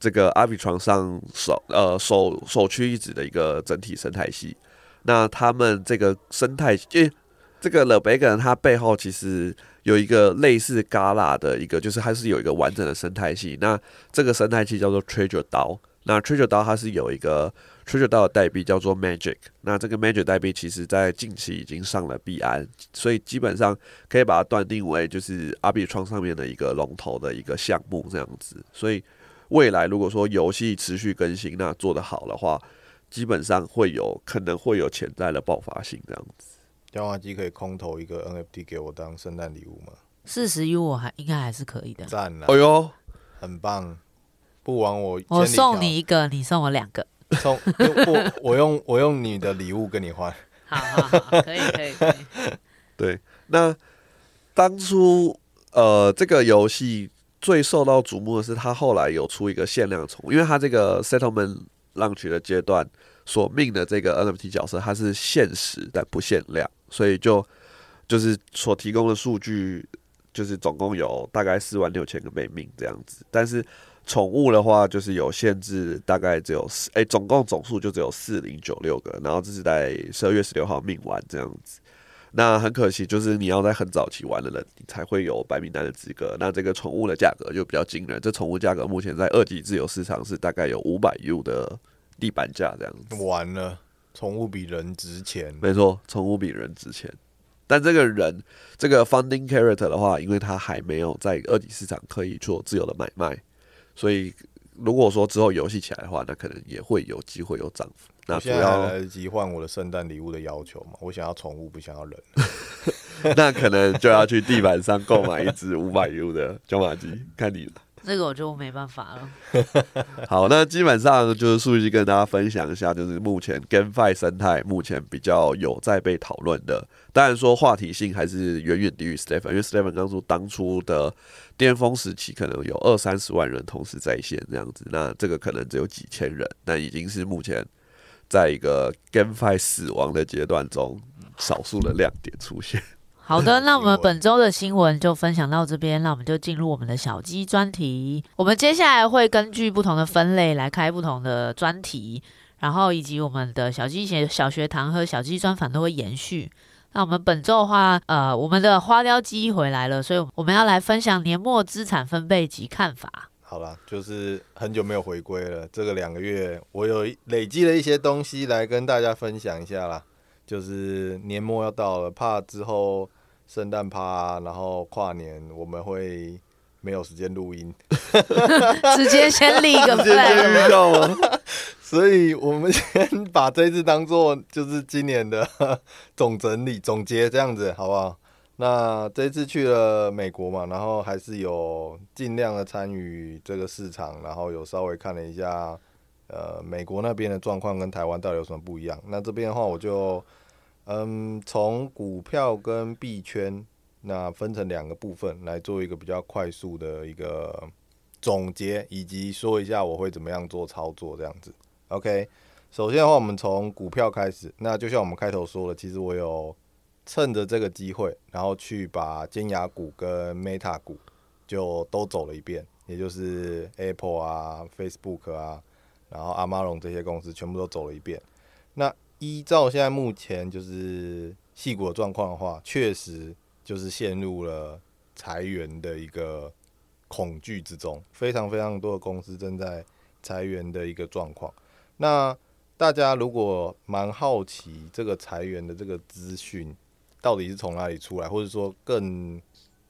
這個 Arbitrum 上首呃首首屈一指的一個整體生態系。那他們這個生態系。欸這個 The Beacon 它背後其實有一個類似 Gala 的一個，就是它是有一個完整的生態系。那這個生態系叫做 Treasure DAO，那 Treasure DAO 它是有一個 Treasure DAO 的代幣叫做 Magic。那這個 Magic 代幣其實在近期已經上了幣安，所以基本上可以把它斷定為就是 Arbitrum 上面的一個龍頭的一個項目這樣子。所以未來如果說遊戲持續更新，那做得好的話，基本上會有可能會有潛在的爆發性這樣子。花雕雞可以空投一個 NFT 給我當聖誕禮物嗎？四十 U 我還應該還是可以的。讚啊！哎呦，很棒！不枉我，我送你一個，你送我兩個。送我 我用我用你的禮物跟你換。好好、啊、好，可以可以可以。可以 對，那當初呃這個遊戲最受到矚目的是它後來有出一個限量寵物，因為它這個 Settlement Launch 的階段所命的這個 NFT 角色，它是限時但不限量。所以就就是所提供的數據，就是總共有大概四萬六千個被命這樣子。但是寵物的話，就是有限制，大概只有四誒、欸，總共總數就只有四零九六個。然後這是在十二月十六號命完這樣子。那很可惜，就是你要在很早期玩的人，你才會有白名單的資格。那這個寵物的價格就比較驚人，這寵物價格目前在二級自由市場是大概有五百 U 的地板價這樣子。完了。寵物比人值錢，沒錯，寵物比人值錢。但這個人，這個 funding character 的話，因為他還沒有在二級市場可以做自由的買賣，所以如果說之後遊戲起來的話，那可能也會有機會有漲幅。那不要來得及換我的聖誕禮物的要求嘛，我想要寵物，不想要人， 那可能就要去地板上購買一隻五百 U 的椒麻雞，看你。這個我就沒辦法了 。好，那基本上就是數據跟大家分享一下，就是目前 GameFi 生態目前比較有在被討論的，當然說話題性還是遠遠低於 STEPN，因為 STEPN 當初當初的巔峰時期可能有二三十萬人同時在線這樣子，那這個可能只有幾千人，那已經是目前在一個 GameFi 死亡的階段中少數的亮點出現。好的，那我們本周的新聞就分享到這邊，那我們就進入我們的小雞專題。我們接下來會根據不同的分類來開不同的專題，然後以及我們的小雞寫小學堂和小雞專訪都會延續。那我們本周的話，呃，我們的花雕雞回來了，所以我們要來分享年末資產分配及看法。好了，就是很久沒有回歸了，這個兩個月我有累積了一些東西來跟大家分享一下啦，就是年末要到了，怕之後。聖誕趴，然後跨年，我們會沒有時間錄音 直接先立一個 flag 所以我們先把這次當做就是今年的總整理總結，這樣子好不好？那這次去了美國嘛，然後還是有盡量的參與這個市場，然後有稍微看了一下，呃，美國那邊的狀況跟台灣到底有什麼不一樣？那這邊的話，我就。嗯，從股票跟幣圈那，分成兩個部分來做一個比較快速的一個總結，以及說一下我會怎麼樣做操作這樣子。OK，首先的話，我們從股票開始。那就像我們開頭說的，其實我有趁着這個機會，然後去把尖牙股跟 Meta 股就都走了一遍，也就是 Apple 啊、Facebook 啊，然後阿馬龍這些公司全部都走了一遍。那依照現在目前就是矽谷的狀況的話，確實就是陷入了裁員的一個恐懼之中，非常非常多的公司正在裁員的一個狀況。那大家如果蠻好奇這個裁員的這個資訊到底是從哪裡出來，或者說更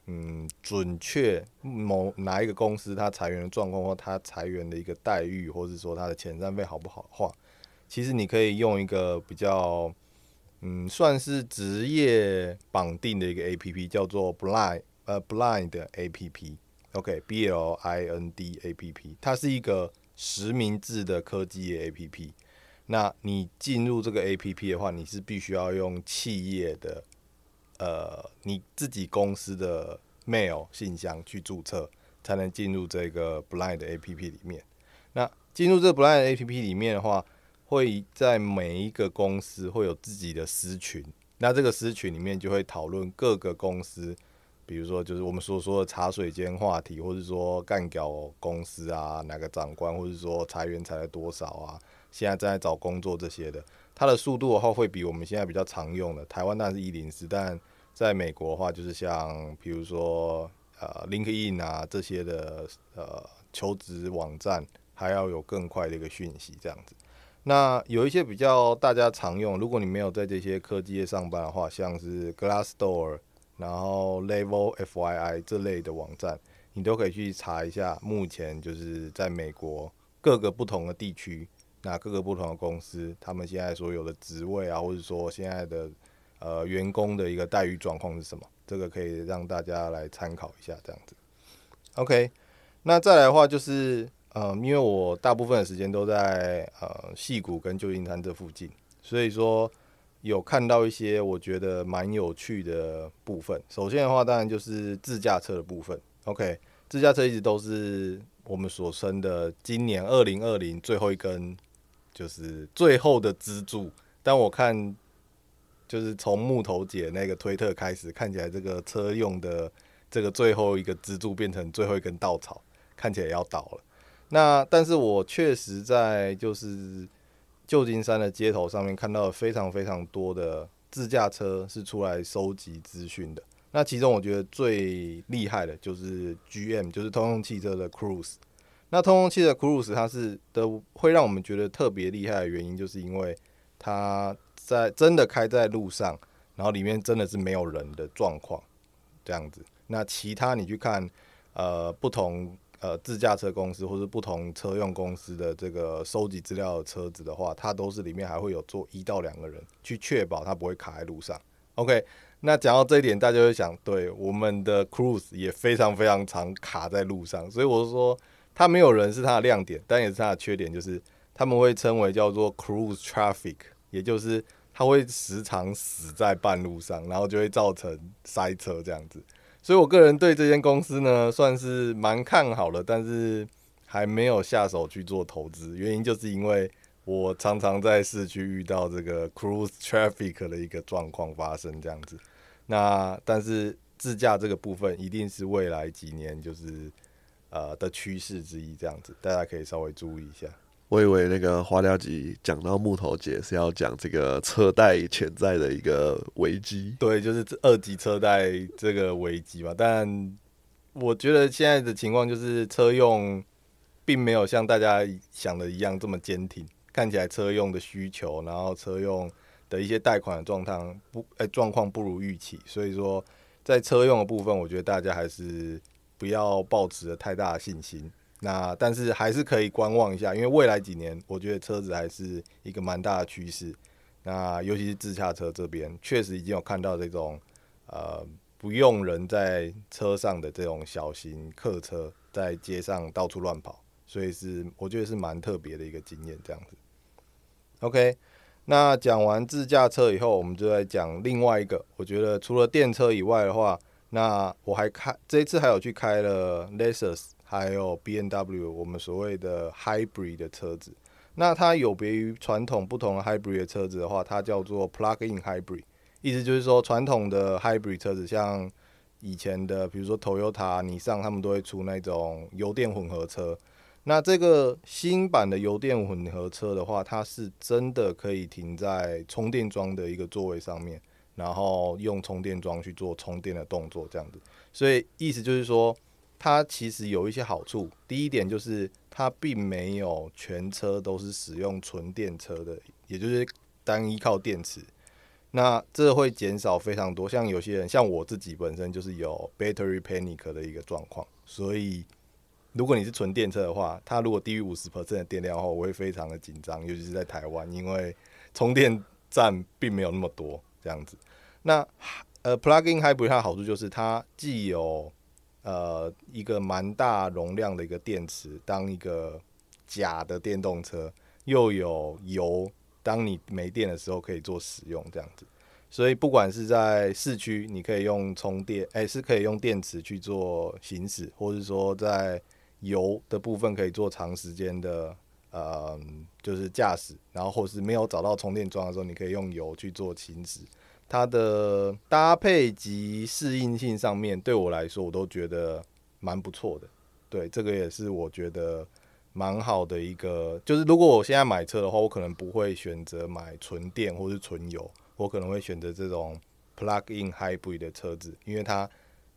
嗯準確某哪一個公司它裁員的狀況或它裁員的一個待遇，或者是說它的遣散費好不好的話？其實你可以用一個比較，嗯，算是職業綁定的一個 A P P，叫做 Blind 呃、uh, Blind A P P，OK、okay, B L I N D A P P，它是一個實名制的科技 A P P。那你進入這個 A P P 的話，你是必須要用企業的呃你自己公司的 mail 信箱去註冊，才能進入這個 Blind A P P 裡面。那進入這個 Blind A P P 裡面的話，會在每一個公司會有自己的私群，那這個私群裡面就會討論各個公司，比如說就是我們所說的茶水間話題，或者說幹譙公司啊，哪個長官，或者說裁員裁了多少啊，現在正在找工作這些的，它的速度的話會比我們現在比較常用的台灣，當然是一零四，但在美國的話，就是像比如說呃，LinkedIn 啊這些的呃求職網站，還要有更快的一個訊息這樣子。那有一些比較大家常用，如果你沒有在這些科技業上班的話，像是 Glassdoor，然後 Level FYI 這類的網站，你都可以去查一下，目前就是在美國各個不同的地區，那各個不同的公司，他們現在所有的職位啊，或者說現在的呃員工的一個待遇狀況是什麼，這個可以讓大家來參考一下這樣子。OK，那再來的話就是。嗯、呃，因為我大部分的時間都在呃矽谷跟舊金山這附近，所以說有看到一些我覺得蠻有趣的部分。首先的話，當然就是自駕車的部分。OK，自駕車一直都是我們所稱的今年二零二零最後一根，就是最後的支柱。但我看，就是從木頭姐那個推特開始，看起來這個車用的這個最後一個支柱變成最後一根稻草，看起來要倒了。那但是我確實在就是舊金山的街頭上面看到了非常非常多的自駕車是出來收集資訊的。那其中我覺得最厲害的就是 GM，就是通用汽車的 Cruise。那通用汽車 Cruise 它，是都會讓我們覺得特別厲害的原因，就是因為它在真的開在路上，然後裡面真的是沒有人的狀況這樣子。那其他你去看呃不同。呃，自駕車公司或是不同車用公司的這個收集資料的車子的話，它都是裡面還會有坐一到兩個人，去確保它不會卡在路上。OK，那講到這一點，大家會想，對我們的 Cruise 也非常非常常卡在路上，所以我說它沒有人是它的亮點，但也是它的缺點，就是他們會稱為叫做 Cruise traffic，也就是它會時常死在半路上，然後就會造成塞車這樣子。所以，我個人對這間公司呢，算是蠻看好了，但是還沒有下手去做投資。原因就是因為我常常在市區遇到這個 Cruise traffic 的一個狀況發生這樣子。那但是自駕這個部分，一定是未來幾年就是呃的趨勢之一，這樣子，大家可以稍微注意一下。我以為那個花雕雞講到木頭姐是要講這個車貸潛在的一個危機，對，就是二級車貸這個危機嘛。但我覺得現在的情況就是車用並沒有像大家想的一樣這麼堅挺，看起來車用的需求，然後車用的一些貸款的狀況不，哎，狀況不如預期。所以說，在車用的部分，我覺得大家還是不要抱持著太大的信心。那但是還是可以觀望一下，因為未來幾年，我覺得車子還是一個蠻大的趨勢。那尤其是自駕車這邊，確實已經有看到這種呃不用人在車上的這種小型客車在街上到處亂跑，所以是我覺得是蠻特別的一個經驗這樣子。OK，那講完自駕車以後，我們就來講另外一個。我覺得除了電車以外的話，那我還開這一次還有去開了 Lexus 還有 BMW，我們所謂的 Hybrid 的車子，那它有別於傳統不同的 Hybrid 的車子的話，它叫做 Plug-in Hybrid，意思就是說，傳統的 Hybrid 車子，像以前的比如說 Toyota，Nissan，他們都會出那種油電混合車。那這個新版的油電混合車的話，它是真的可以停在充電樁的一個座位上面，然後用充電樁去做充電的動作，這樣子。所以意思就是說。它其實有一些好處，第一點就是它並沒有全車都是使用純電車的，也就是單依靠電池。那這會減少非常多，像有些人，像我自己本身就是有 battery panic 的一個狀況，所以如果你是純電車的話，它如果低於五十%的電量的話，我會非常的緊張，尤其是在台灣，因為充電站並沒有那麼多這樣子。那呃，plug-in hybrid 還有一項好處就是它既有呃，一個蠻大容量的一個電池，當一個假的電動車，又有油，當你沒電的時候可以做使用這樣子。所以不管是在市區，你可以用充電，哎，是可以用電池去做行駛，或是說在油的部分可以做長時間的嗯，就是駕駛。然後或是沒有找到充電樁的時候，你可以用油去做行駛。它的搭配及適應性上面對我來說，我都覺得蠻不錯的。對，這個也是我覺得蠻好的一個。就是如果我現在買車的話，我可能不會選擇買純電或是純油，我可能會選擇這種 plug-in hybrid 的車子，因為它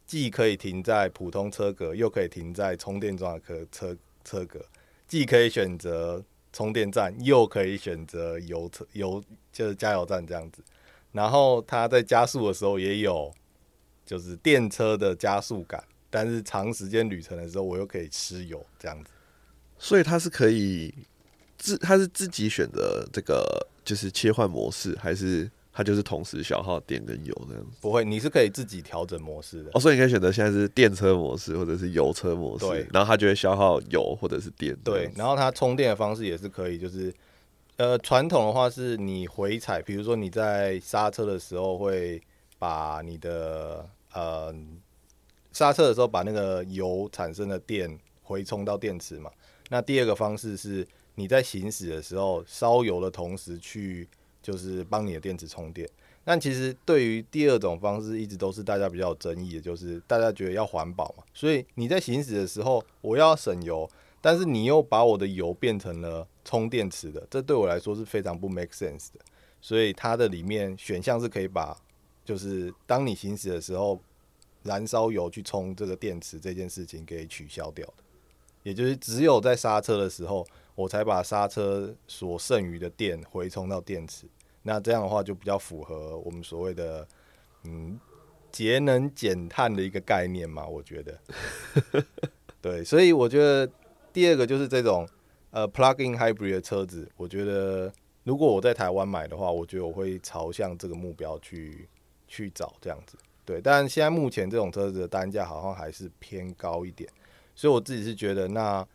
既可以停在普通車格，又可以停在充電樁的車車格，既可以選擇充電站，又可以選擇油車，油，就是加油站這樣子。然後它在加速的時候也有，就是電車的加速感，但是長時間旅程的時候我又可以吃油這樣子，所以它是可以自，它是自己選擇這個就是切換模式，還是它就是同時消耗電跟油這樣？不會，你是可以自己調整模式的哦，所以你可以選擇現在是電車模式或者是油車模式，對，然後它就會消耗油或者是電，對，然後它充電的方式也是可以，就是。呃，傳統的話是你回踩，比如說你在剎車的時候會把你的呃剎車的時候把那個油產生的電回充到電池嘛。那第二個方式是你在行駛的時候燒油的同時去就是幫你的電池充電。那其實對於第二種方式，一直都是大家比較有爭議的，就是大家覺得要環保嘛，所以你在行駛的時候我要省油，但是你又把我的油變成了。充電池的，這對我來說是非常不 make sense 的，所以它的裡面選項是可以把，就是當你行駛的時候，燃燒油去充這個電池這件事情給取消掉的，也就是只有在剎車的時候，我才把剎車所剩餘的電回充到電池，那這樣的話就比較符合我們所謂的嗯，節能減碳的一個概念嘛，我覺得， 對，所以我覺得第二個就是這種。呃、uh,，Plug in Hybrid 的車子，我覺得如果我在台灣買的話，我覺得我會朝向這個目標去去找這樣子。對，但是現在目前這種車子的單價好像還是偏高一點，所以我自己是覺得，那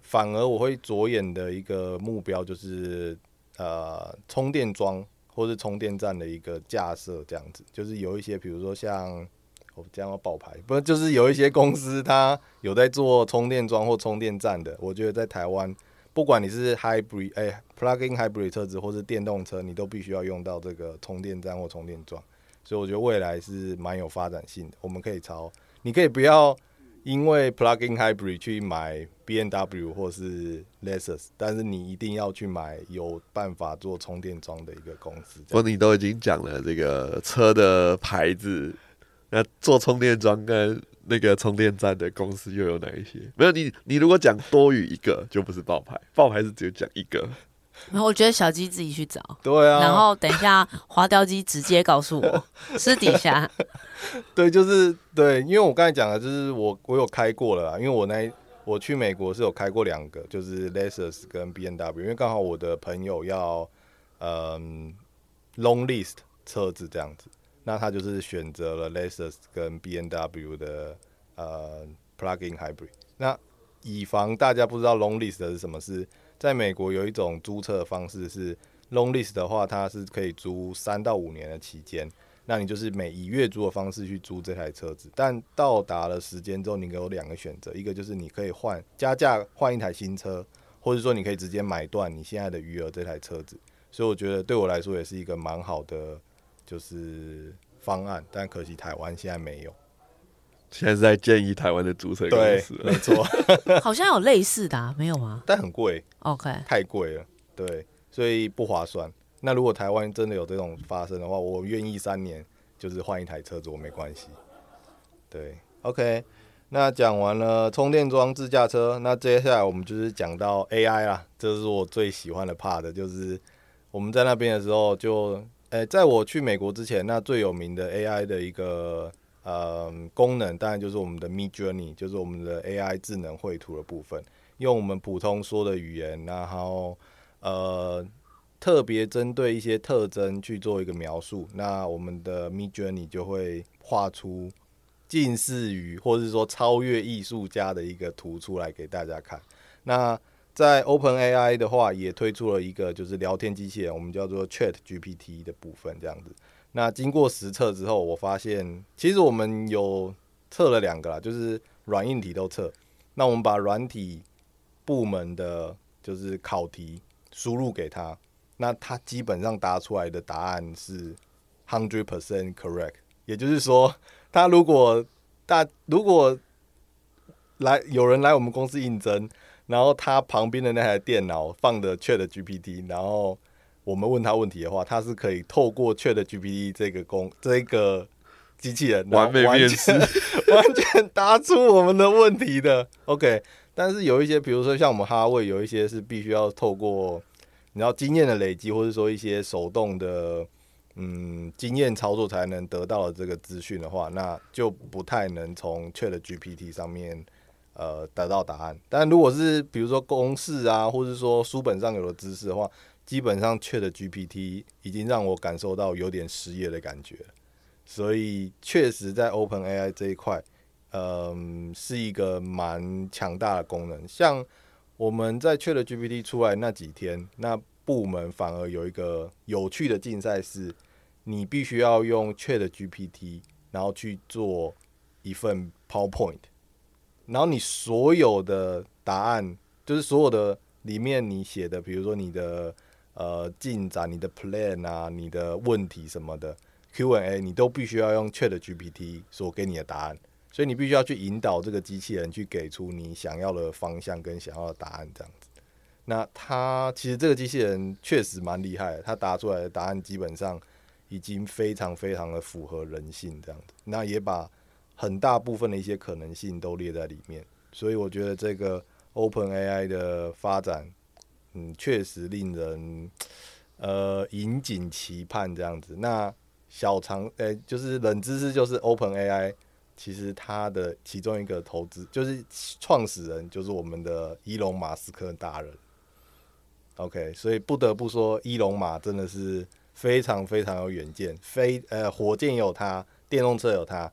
反而我會着眼的一個目標就是，呃，充電樁或是充電站的一個架設這樣子。就是有一些，比如說像我這樣要爆牌，不就是有一些公司它有在做充電樁或充電站的，我覺得在台灣。不管你是 hybrid 哎、欸、plug in hybrid 車子，或是電動車，你都必須要用到這個充電站或充電樁。所以我覺得未來是蠻有發展性的。我們可以朝，你可以不要因為 plug in hybrid 去買 BMW 或是 Lexus，但是你一定要去買有辦法做充電樁的一個公司。不過你都已經講了這個車的牌子。那做充電樁跟那個充電站的公司又有哪一些？沒有你，你如果講多於一個，就不是包牌。包牌是只有講一個。然後我覺得小雞自己去找。對啊。然後等一下，花雕雞直接告訴我 私底下。 對，就是對，因為我剛才講的，就是我我有開過了啦，因為我那我去美國是有開過兩個，就是 Lexus 跟 BMW，因為剛好我的朋友要嗯 long list 車子這樣子。那他就是選擇了 Lexus 跟 BMW 的呃 Plug-in Hybrid。那以防大家不知道 Long List 是什麼，是在美國有一種租車的方式，是 Long List 的話，它是可以租三到五年的期間，那你就是每一月租的方式去租這台車子。但到達了時間之後，你給我兩個選擇，一個就是你可以換加價換一台新車，或者說你可以直接買斷你現在的餘額這台車子。所以我覺得對我來說也是一個蠻好的。就是方案，但可惜台灣現在沒有，現在是在建議台灣的租車公司，沒錯， 好像有類似的。啊，沒有嗎？但很貴，OK，太貴了，對，所以不划算。那如果台灣真的有這種發生的話，我願意三年就是換一台車子，我沒關係。對，OK，那講完了充電樁、自駕車，那接下來我們就是講到 AI 啦，這是我最喜歡的 part，就是我們在那邊的時候就。誒、欸，在我去美國之前，那最有名的 AI 的一個呃功能，當然就是我們的 Midjourney，就是我們的 AI 智能繪圖的部分，用我們普通說的語言，然後呃特別針對一些特徵去做一個描述，那我們的 Midjourney 就會畫出近似於，或者是說超越藝術家的一個圖出來給大家看。那在 OpenAI 的話，也推出了一個就是聊天機器人，我們叫做 ChatGPT 的部分，這樣子。那經過實測之後，我發現其實我們有測了兩個啦，就是軟硬體都測。那我們把軟體部門的，就是考題輸入給他，那他基本上答出來的答案是 hundred percent correct，也就是說，他如果大如果來有人來我們公司應徵。然後他旁邊的那台電腦放的 ChatGPT，然後我們問他問題的話，他是可以透過 ChatGPT 這個工這個機器人，完美面試完全答出我們的問題的。OK，但是有一些，比如說像我們哈位有一些是必須要透過，你要經驗的累積，或者說一些手動的嗯經驗操作才能得到的這個資訊的話，那就不太能從 ChatGPT 上面，呃，得到答案。但如果是比如說公式啊，或是說書本上有的知識的話，基本上 ChatGPT 已經讓我感受到有點失業的感覺。所以確實在 OpenAI 這一塊，嗯、呃，是一個蠻強大的功能。像我們在 ChatGPT 出來那幾天，那部門反而有一個有趣的競賽，是你必須要用 ChatGPT，然後去做一份 PowerPoint。然後你所有的答案，就是所有的裡面你寫的，比如說你的呃進展、你的 plan 啊、你的問題什麼的 Q&A，你都必須要用 ChatGPT 所給你的答案。所以你必須要去引導這個機器人去給出你想要的方向跟想要的答案這樣子。那它其實這個機器人確實蠻厲害的，它答出來的答案基本上已經非常非常的符合人性這樣子。那也把很大部分的一些可能性，都列在裡面，所以我覺得這個 OpenAI 的發展，嗯，確實令人呃引頸期盼這樣子。那小長呃、欸，就是冷知識，就是 OpenAI 其實它的其中一個投資，就是創始人，就是我們的伊隆馬斯克大人。OK，所以不得不說，伊隆馬真的是非常非常有遠見，非呃，火箭有它，電動車有它。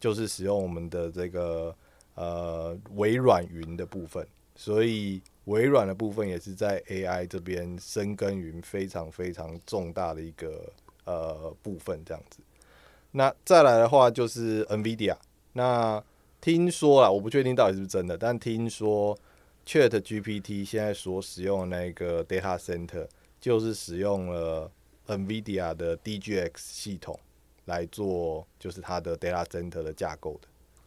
就是使用我們的這個呃微軟雲的部分，所以微軟的部分也是在 AI 這邊深耕雲非常非常重大的一個呃部分這樣子。那再來的話就是 NVIDIA，那聽說啦，我不確定到底是不是真的，但聽說 ChatGPT 現在所使用的那個 data center 就是使用了 NVIDIA 的 DGX 系統。來做就是它的 Data Center 的架構的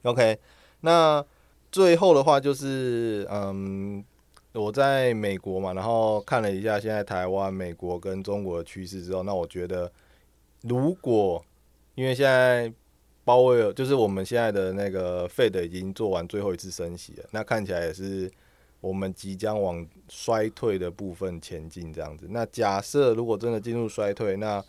，OK。那最後的話就是，嗯，我在美國嘛，然後看了一下現在台灣、美國跟中國的趨勢之後，那我覺得如果因為現在鮑威爾，就是我們現在的那個 Fed 已經做完最後一次升息了，那看起來也是我們即將往衰退的部分前進這樣子。那假設如果真的進入衰退，那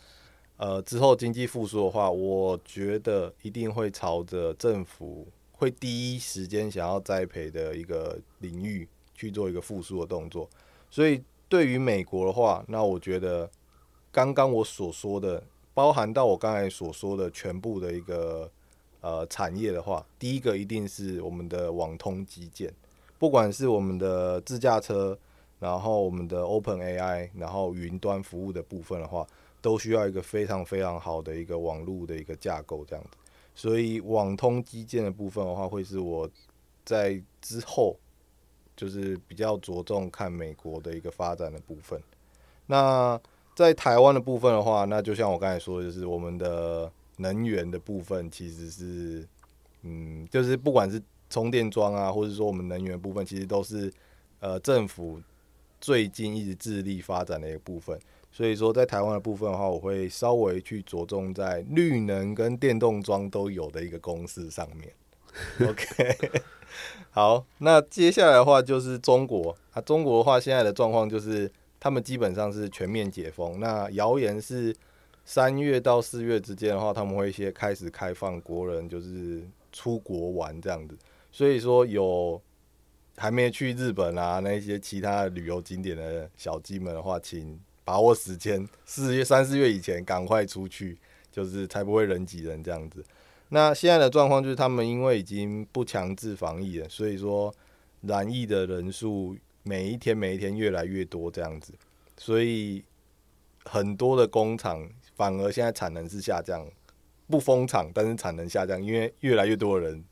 呃，之後經濟復甦的話，我覺得一定會朝着政府會第一時間想要栽培的一個領域去做一個復甦的動作。所以，對於美國的話，那我覺得剛剛我所說的，包含到我剛才所說的全部的一個呃產業的話，第一個一定是我們的網通基建，不管是我們的自駕車，然後我們的 OpenAI，然後雲端服務的部分的話。都需要一個非常非常好的一個網絡的一個架構這樣子，所以網通基建的部分的話，會是我在之後就是比較着重看美國的一個發展的部分。那在台灣的部分的話，那就像我剛才說的，就是我們的能源的部分其實是，嗯，就是不管是充電樁啊，或者說我們能源的部分，其實都是呃政府最近一直致力發展的一個部分。所以說，在台灣的部分的話，我會稍微去着重在綠能跟電動裝都有的一個公司上面。 OK，好，那接下來的話就是中國啊，中國的話現在的狀況就是他們基本上是全面解封。那謠言是三月到四月之間的話，他們會一些開始開放國人就是出國玩這樣子。所以說有還沒去日本啊，那些其他旅遊景點的小雞們的話，請，把握時間，四月三四月以前趕快出去，就是才不會人擠人這樣子。那現在的狀況就是，他們因為已經不強制防疫了，所以說染疫的人數每一天每一天越來越多這樣子，所以很多的工廠反而現在產能是下降，不封廠，但是產能下降，因為越來越多的人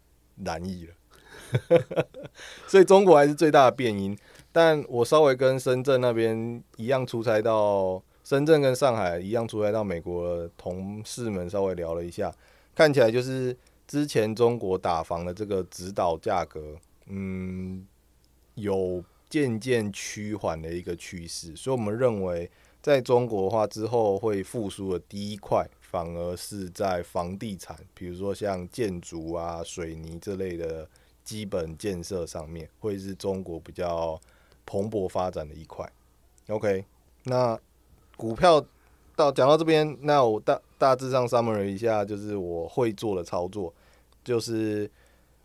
染疫了， 所以中國還是最大的變因。但我稍微跟深圳那邊一樣出差到深圳，跟上海一樣出差到美國的同事們稍微聊了一下，看起來就是之前中國打房的這個指導價格，嗯，有漸漸趨緩的一個趨勢，所以我們認為在中國的話之後會復甦的第一塊，反而是在房地產，比如說像建築啊、水泥這類的基本建設上面，會是中國比較，蓬勃發展的一塊，OK，那股票到講到這邊，那我大大致上 summary 一下，就是我會做的操作，就是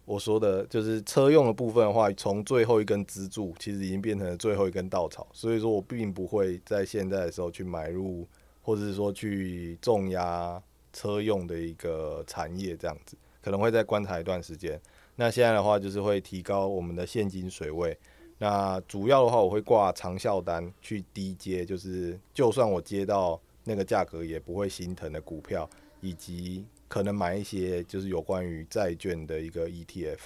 我說的，就是車用的部分的話，從最後一根支柱，其實已經變成了最後一根稻草，所以說我並不會在現在的時候去買入，或者是說去重壓車用的一個產業這樣子，可能會再觀察一段時間。那現在的話，就是會提高我們的現金水位。那主要的話，我會掛長效單去低接，就是就算我接到那個價格也不會心疼的股票，以及可能買一些就是有關於債券的一個 ETF。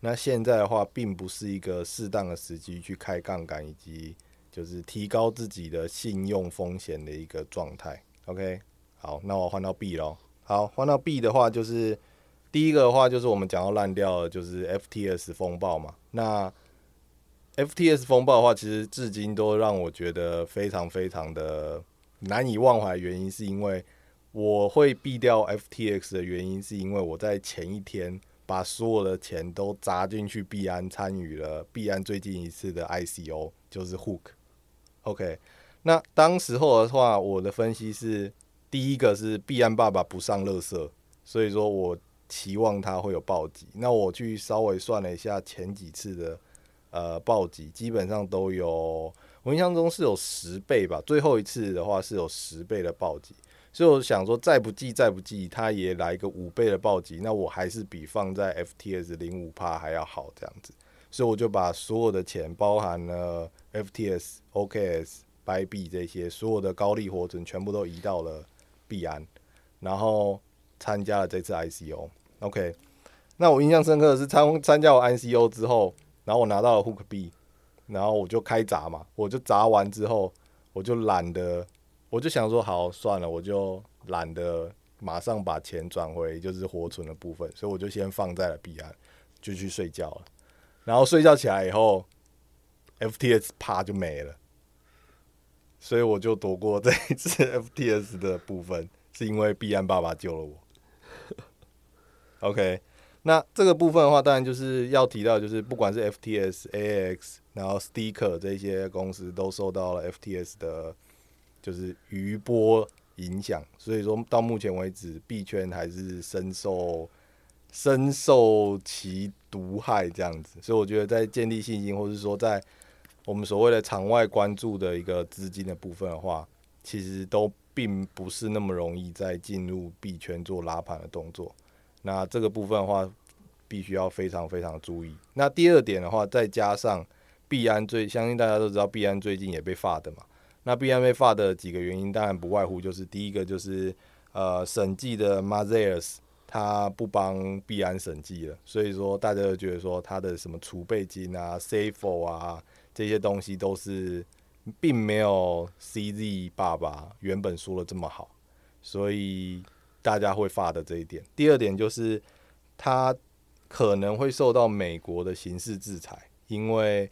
那現在的話，並不是一個適當的時機去開槓桿，以及就是提高自己的信用風險的一個狀態。OK，好，那我換到 B 咯。好，換到 B 的話，就是第一個的話，就是我們講到爛掉的就是 FTS 風暴嘛，那。FTX 風暴的話，其實至今都讓我覺得非常非常的難以忘懷。原因是因為我會避掉 FTX 的原因，是因為我在前一天把所有的錢都砸進去幣安，參與了幣安最近一次的 ICO，就是 Hook。OK，那當時候的話，我的分析是：第一個是幣安爸爸不上垃圾，所以說我期望他會有暴擊。那我去稍微算了一下前幾次的。呃，暴擊基本上都有，我印象中是有十倍吧。最後一次的話是有十倍的暴擊，所以我想說再，再不濟再不濟，它也來一個五倍的暴擊，那我還是比放在 FTX 零五趴還要好這樣子。所以我就把所有的錢，包含了 FTX、OKX、Bybit 這些所有的高利活存，全部都移到了幣安，然後參加了這次 ICO OK。OK，那我印象深刻的是參參加我 ICO 之後。然後我拿到了 HOOK B，然後我就開砸嘛，我就砸完之後，我就懶得，我就想說好算了，我就懶得馬上把錢轉回就是活存的部分，所以我就先放在了幣安，就去睡覺了。然後睡覺起來以後，FTS 啪就沒了，所以我就躲過這一次 FTS 的部分，是因為幣安爸爸救了我。OK。那這個部分的話，當然就是要提到，就是不管是 FTS、AX，然後 Steaker 這些公司都受到了 FTS 的，就是餘波影響，所以說到目前為止，幣圈還是深受深受其毒害這樣子。所以我覺得在建立信心，或是說在我們所謂的場外關注的一個資金的部分的話，其實都並不是那麼容易在進入幣圈做拉盤的動作。那這個部分的話，必須要非常非常注意。那第二點的話，再加上幣安最相信大家都知道，幣安最近也被 FUD 的嘛。那幣安被 FUD 的幾個原因，當然不外乎就是第一個就是呃，審計的 Mazars 他不幫幣安審計了，所以說大家都覺得說他的什麼儲備金啊、SAFU 啊這些東西都是並沒有 CZ 爸爸原本說的這麼好，所以。大家會發的這一點，第二點就是他可能會受到美國的刑事制裁，因為，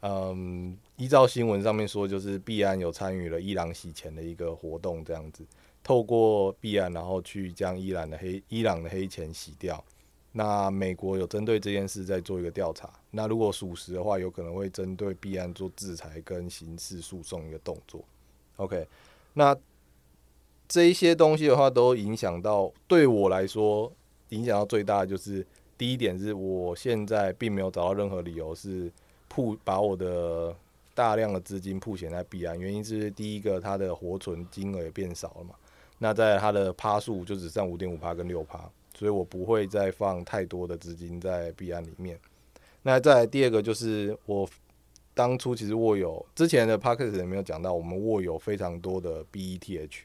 嗯，依照新聞上面說，就是幣安有參與了伊朗洗錢的一個活動，這樣子透過幣安，然後去將伊朗的黑伊朗的黑錢洗掉。那美國有針對這件事在做一個調查，那如果屬實的話，有可能會針對幣安做制裁跟刑事訴訟一個動作。OK，那。這一些東西的話，都影響到對我來說，影響到最大的就是第一點，是我現在並沒有找到任何理由是鋪把我的大量的資金鋪錢在幣安，原因是第一個它的活存金額也變少了嘛，那在它的趴數就只剩五點五趴跟六趴，所以我不會再放太多的資金在幣安裡面。那再來第二個就是我當初其實握有之前的 Podcast 也沒有講到，我們握有非常多的 BETH。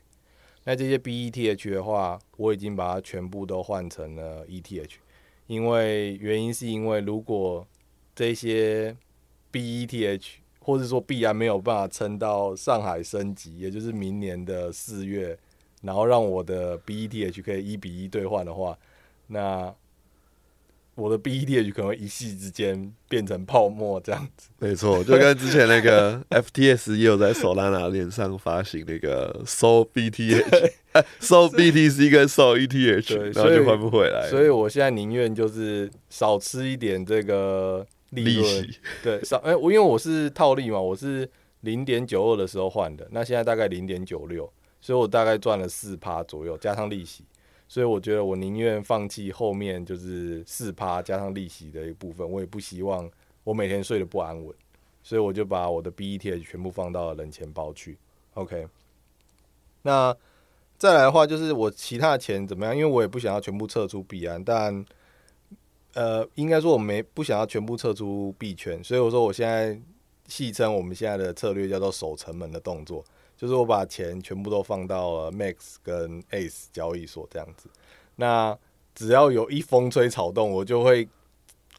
那這些 BETH 的話，我已經把它全部都換成了 ETH，因為原因是因為如果這些 BETH 或是說幣安沒有辦法撐到上海升級，也就是明年的四月，然後讓我的 BETH 可以一比一兌換的話，那。我的 BETH 可能一夕之間變成泡沫這樣子，沒錯，就跟之前那個 FTS 也有在 Solana 鏈 上發行那個 Sol BTH，Sol、哎 so、BTC 跟 Sol ETH，然後就換不回來所所以我現在寧願就是少吃一點這個利、利息。對，少哎，我、欸、因為我是套利嘛，我是零點九二的時候換的，那現在大概零點九六，所以我大概賺了四趴左右，加上利息。所以我覺得我寧願放棄後面就是四趴加上利息的一部分，我也不希望我每天睡得不安穩，所以我就把我的 BETH 全部放到冷錢包去。OK，那再來的話就是我其他的錢怎麼樣？因為我也不想要全部撤出幣安，但呃，應該說我沒不想要全部撤出幣圈，所以我說我現在戲稱我們現在的策略叫做守城門的動作。就是我把錢全部都放到了 Max 跟 Ace 交易所，這樣子，那只要有一風吹草動，我就會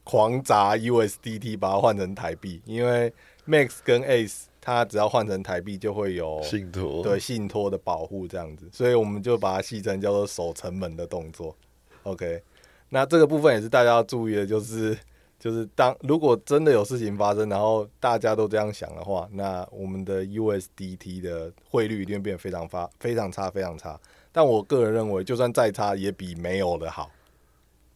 狂砸 USDT 把它換成台幣，因為 Max 跟 Ace 它只要換成台幣就會有信託，對，信託的保護這樣子，所以我們就把它戲稱叫做守城門的動作。OK，那這個部分也是大家要注意的，就是。就是當如果真的有事情發生，然後大家都這樣想的話，那我們的 USDT 的匯率一定會變得非常差、非常差、非常差。但我個人認為，就算再差，也比沒有的好。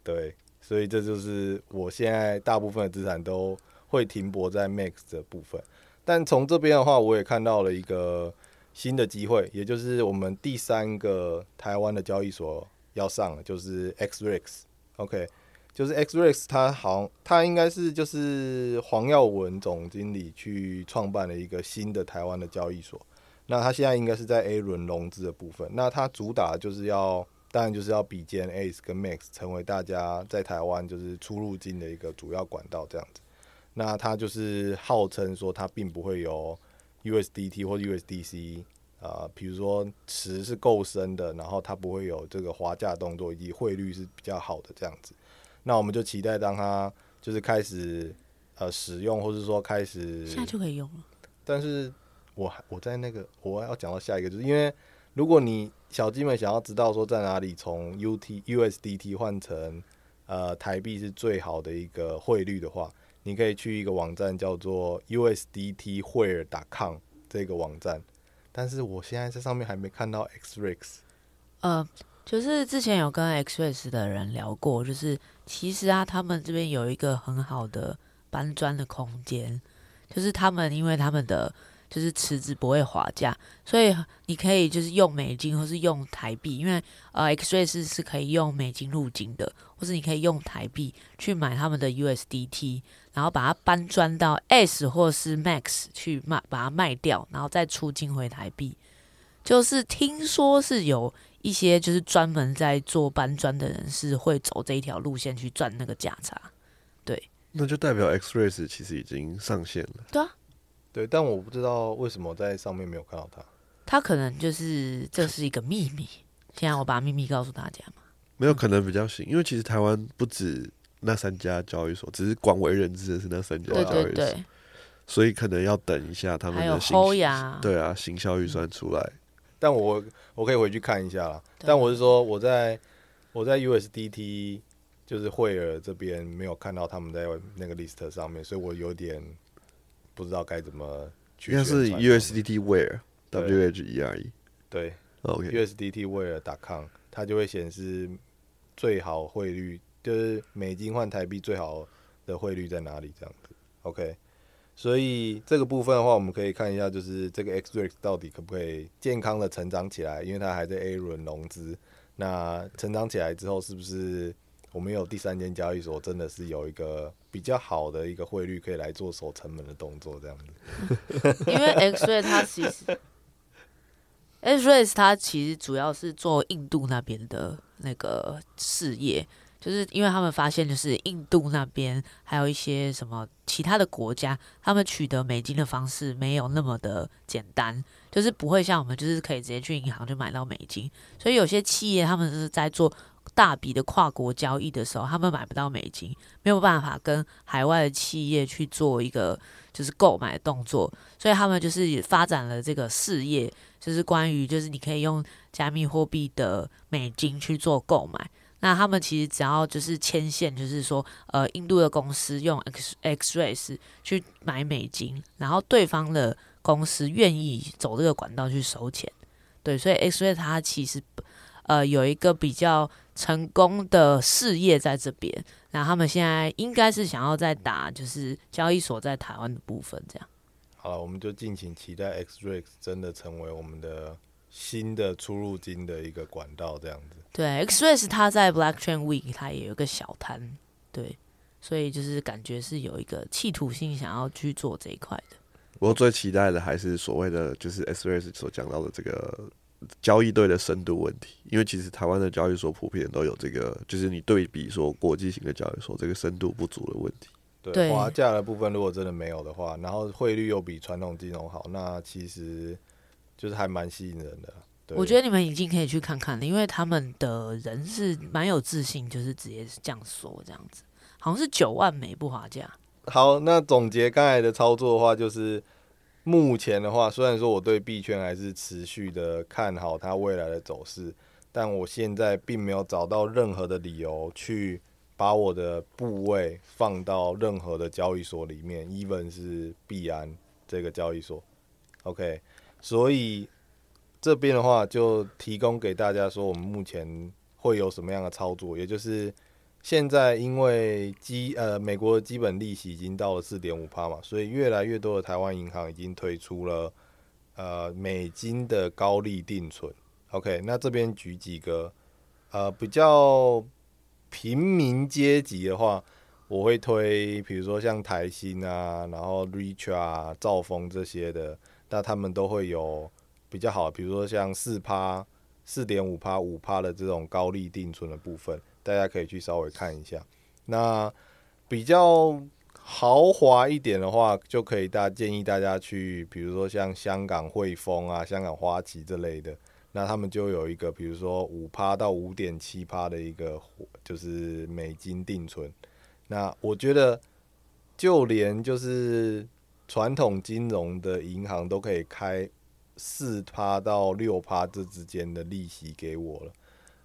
對，所以這就是我現在大部分的資產都會停泊在 MAX 的部分。但從這邊的話，我也看到了一個新的機會，也就是我們第三個台灣的交易所要上了，就是 XREX。OK。就是 X-Rex，它好像，它應該是就是黃耀文總經理去創辦了一個新的台灣的交易所。那它現在應該是在 A 輪融資的部分。那它主打就是要，當然就是要比肩 ACE 跟 MAX，成為大家在台灣就是出入金的一個主要管道這樣子。那它就是號稱說，它並不會有 USDT 或 USDC，啊、呃，比如說池是夠深的，然後它不會有這個滑價動作，以及匯率是比較好的這樣子。那我們就期待，當他就是開始呃使用，或是說開始現在就可以用了。但是我，我我在那個我要講到下一個，就是因為如果你小雞們想要知道說在哪裡從 UT USDT 換成呃台幣是最好的一個匯率的話，你可以去一個網站叫做 USDT 匯率 .com 這個網站。但是我現在在上面還沒看到 X-Rex。呃。就是之前有跟 X Ray's 的人聊過，就是其實啊，他們這邊有一個很好的搬磚的空間，就是他們因為他們的就是池子不會滑價，所以你可以就是用美金或是用台幣，因為呃 X Ray's 是可以用美金入金的，或是你可以用台幣去買他們的 USDT，然後把它搬磚到 S 或是 Max 去賣，把它賣掉，然後再出金回台幣。就是聽說是有。一些就是專門在做搬磚的人是會走這一條路線去賺那個價差，對。那就代表 X Race 其實已經上線了。對啊，對，但我不知道為什麼在上面沒有看到他。他可能就是這是一個秘密， 現在我把秘密告訴大家嘛。沒有可能比較行，因為其實台灣不止那三家交易所，只是廣為人知的是那三家交易所。對啊，所以可能要等一下他們的行，對啊，對啊，行銷預算出來，但我。我可以回去看一下啦，但我是說我在我在 USDT 就是惠爾這邊沒有看到他們在那個 list 上面，所以我有點不知道該怎麼去。應該是 USDT Where W H E R E 對，oh, okay. USDT Where 打 .com，它就會顯示最好匯率，就是美金換台幣最好的匯率在哪裡這樣子。OK。所以這個部分的話，我們可以看一下，就是這個 XREX 到底可不可以健康的成長起來？因為它還在 A 輪融資，那成長起來之後，是不是我們有第三間交易所，真的是有一個比較好的一個匯率可以來做守成本的動作？這樣子。因為 XREX 它其實，XREX 它其實主要是做印度那邊的那個事業。就是因為他們發現，就是印度那邊還有一些什麼其他的國家，他們取得美金的方式沒有那麼的簡單，就是不會像我們，就是可以直接去銀行就買到美金。所以有些企業他們就是在做大筆的跨國交易的時候，他們買不到美金，沒有辦法跟海外的企業去做一個就是購買的動作。所以他們就是也發展了這個事業，就是關於就是你可以用加密貨幣的美金去做購買。那他們其實只要就是牽線，就是說，呃，印度的公司用 X X rays 去買美金，然後對方的公司願意走這個管道去收錢，對，所以 X ray 它其實呃有一個比較成功的事業在這邊。那他們現在應該是想要再打就是交易所在台灣的部分，這樣。好，我們就敬請期待 X rays 真的成為我們的。新的出入金的一個管道這樣子，對 XREX 他在 Blockchain Week 他也有一個小攤，對，所以就是感覺是有一個企圖心想要去做這一塊的。我最期待的還是所謂的就是 XREX 所講到的這個交易對的深度問題，因為其實台灣的交易所普遍都有這個，就是你對比說國際型的交易所，這個深度不足的問題。對，華價的部分如果真的沒有的話，然後匯率又比傳統金融好，那其實。就是還蠻吸引人的，對，我覺得你們已經可以去看看了，因為他們的人是蠻有自信，就是直接是這樣說這樣子，好像是九萬美不划價。好，那總結剛才的操作的話，就是目前的話，雖然說我對幣圈還是持續的看好它未來的走勢，但我現在並沒有找到任何的理由去把我的部位放到任何的交易所裡面，even 是幣安這個交易所。OK。所以這邊的話，就提供給大家說，我們目前會有什麼樣的操作，也就是現在，因為基呃美國基本利息已經到了四點五趴嘛，所以越來越多的台灣銀行已經推出了呃美金的高利定存。OK，那這邊舉幾個呃比較平民階級的話，我會推比如說像台新啊，然後 Rich 啊、兆豐這些的。那他們都會有比較好，比如說像四趴、四點五趴、五趴的這種高利定存的部分，大家可以去稍微看一下。那比較豪華一點的話，就可以大家建議大家去，比如說像香港匯豐啊、香港花旗這類的，那他們就有一個，比如說五趴到五點七趴的一個就是美金定存。那我覺得，就連就是。傳統金融的銀行都可以開四趴到六趴這之間的利息給我了。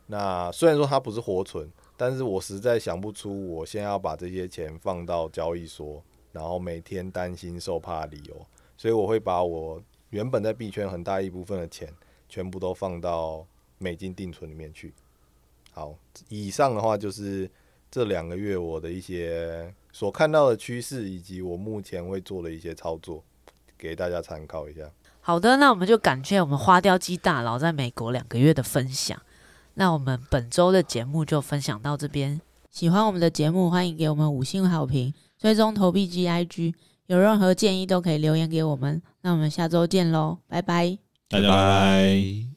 那雖然說它不是活存，但是我實在想不出，我先要把這些錢放到交易所，然後每天擔心受怕的理由。所以我會把我原本在幣圈很大一部分的錢，全部都放到美金定存裡面去。好，以上的話就是這兩個月我的一些。所看到的趨勢，以及我目前會做的一些操作，給大家參考一下。好的，那我們就感謝我們花雕雞大佬在美國兩個月的分享。那我們本週的節目就分享到這邊。喜歡我們的節目，歡迎給我們五星好評，追蹤投幣雞 IG。有任何建議都可以留言給我們。那我們下週見嘍，拜拜，拜拜。Bye bye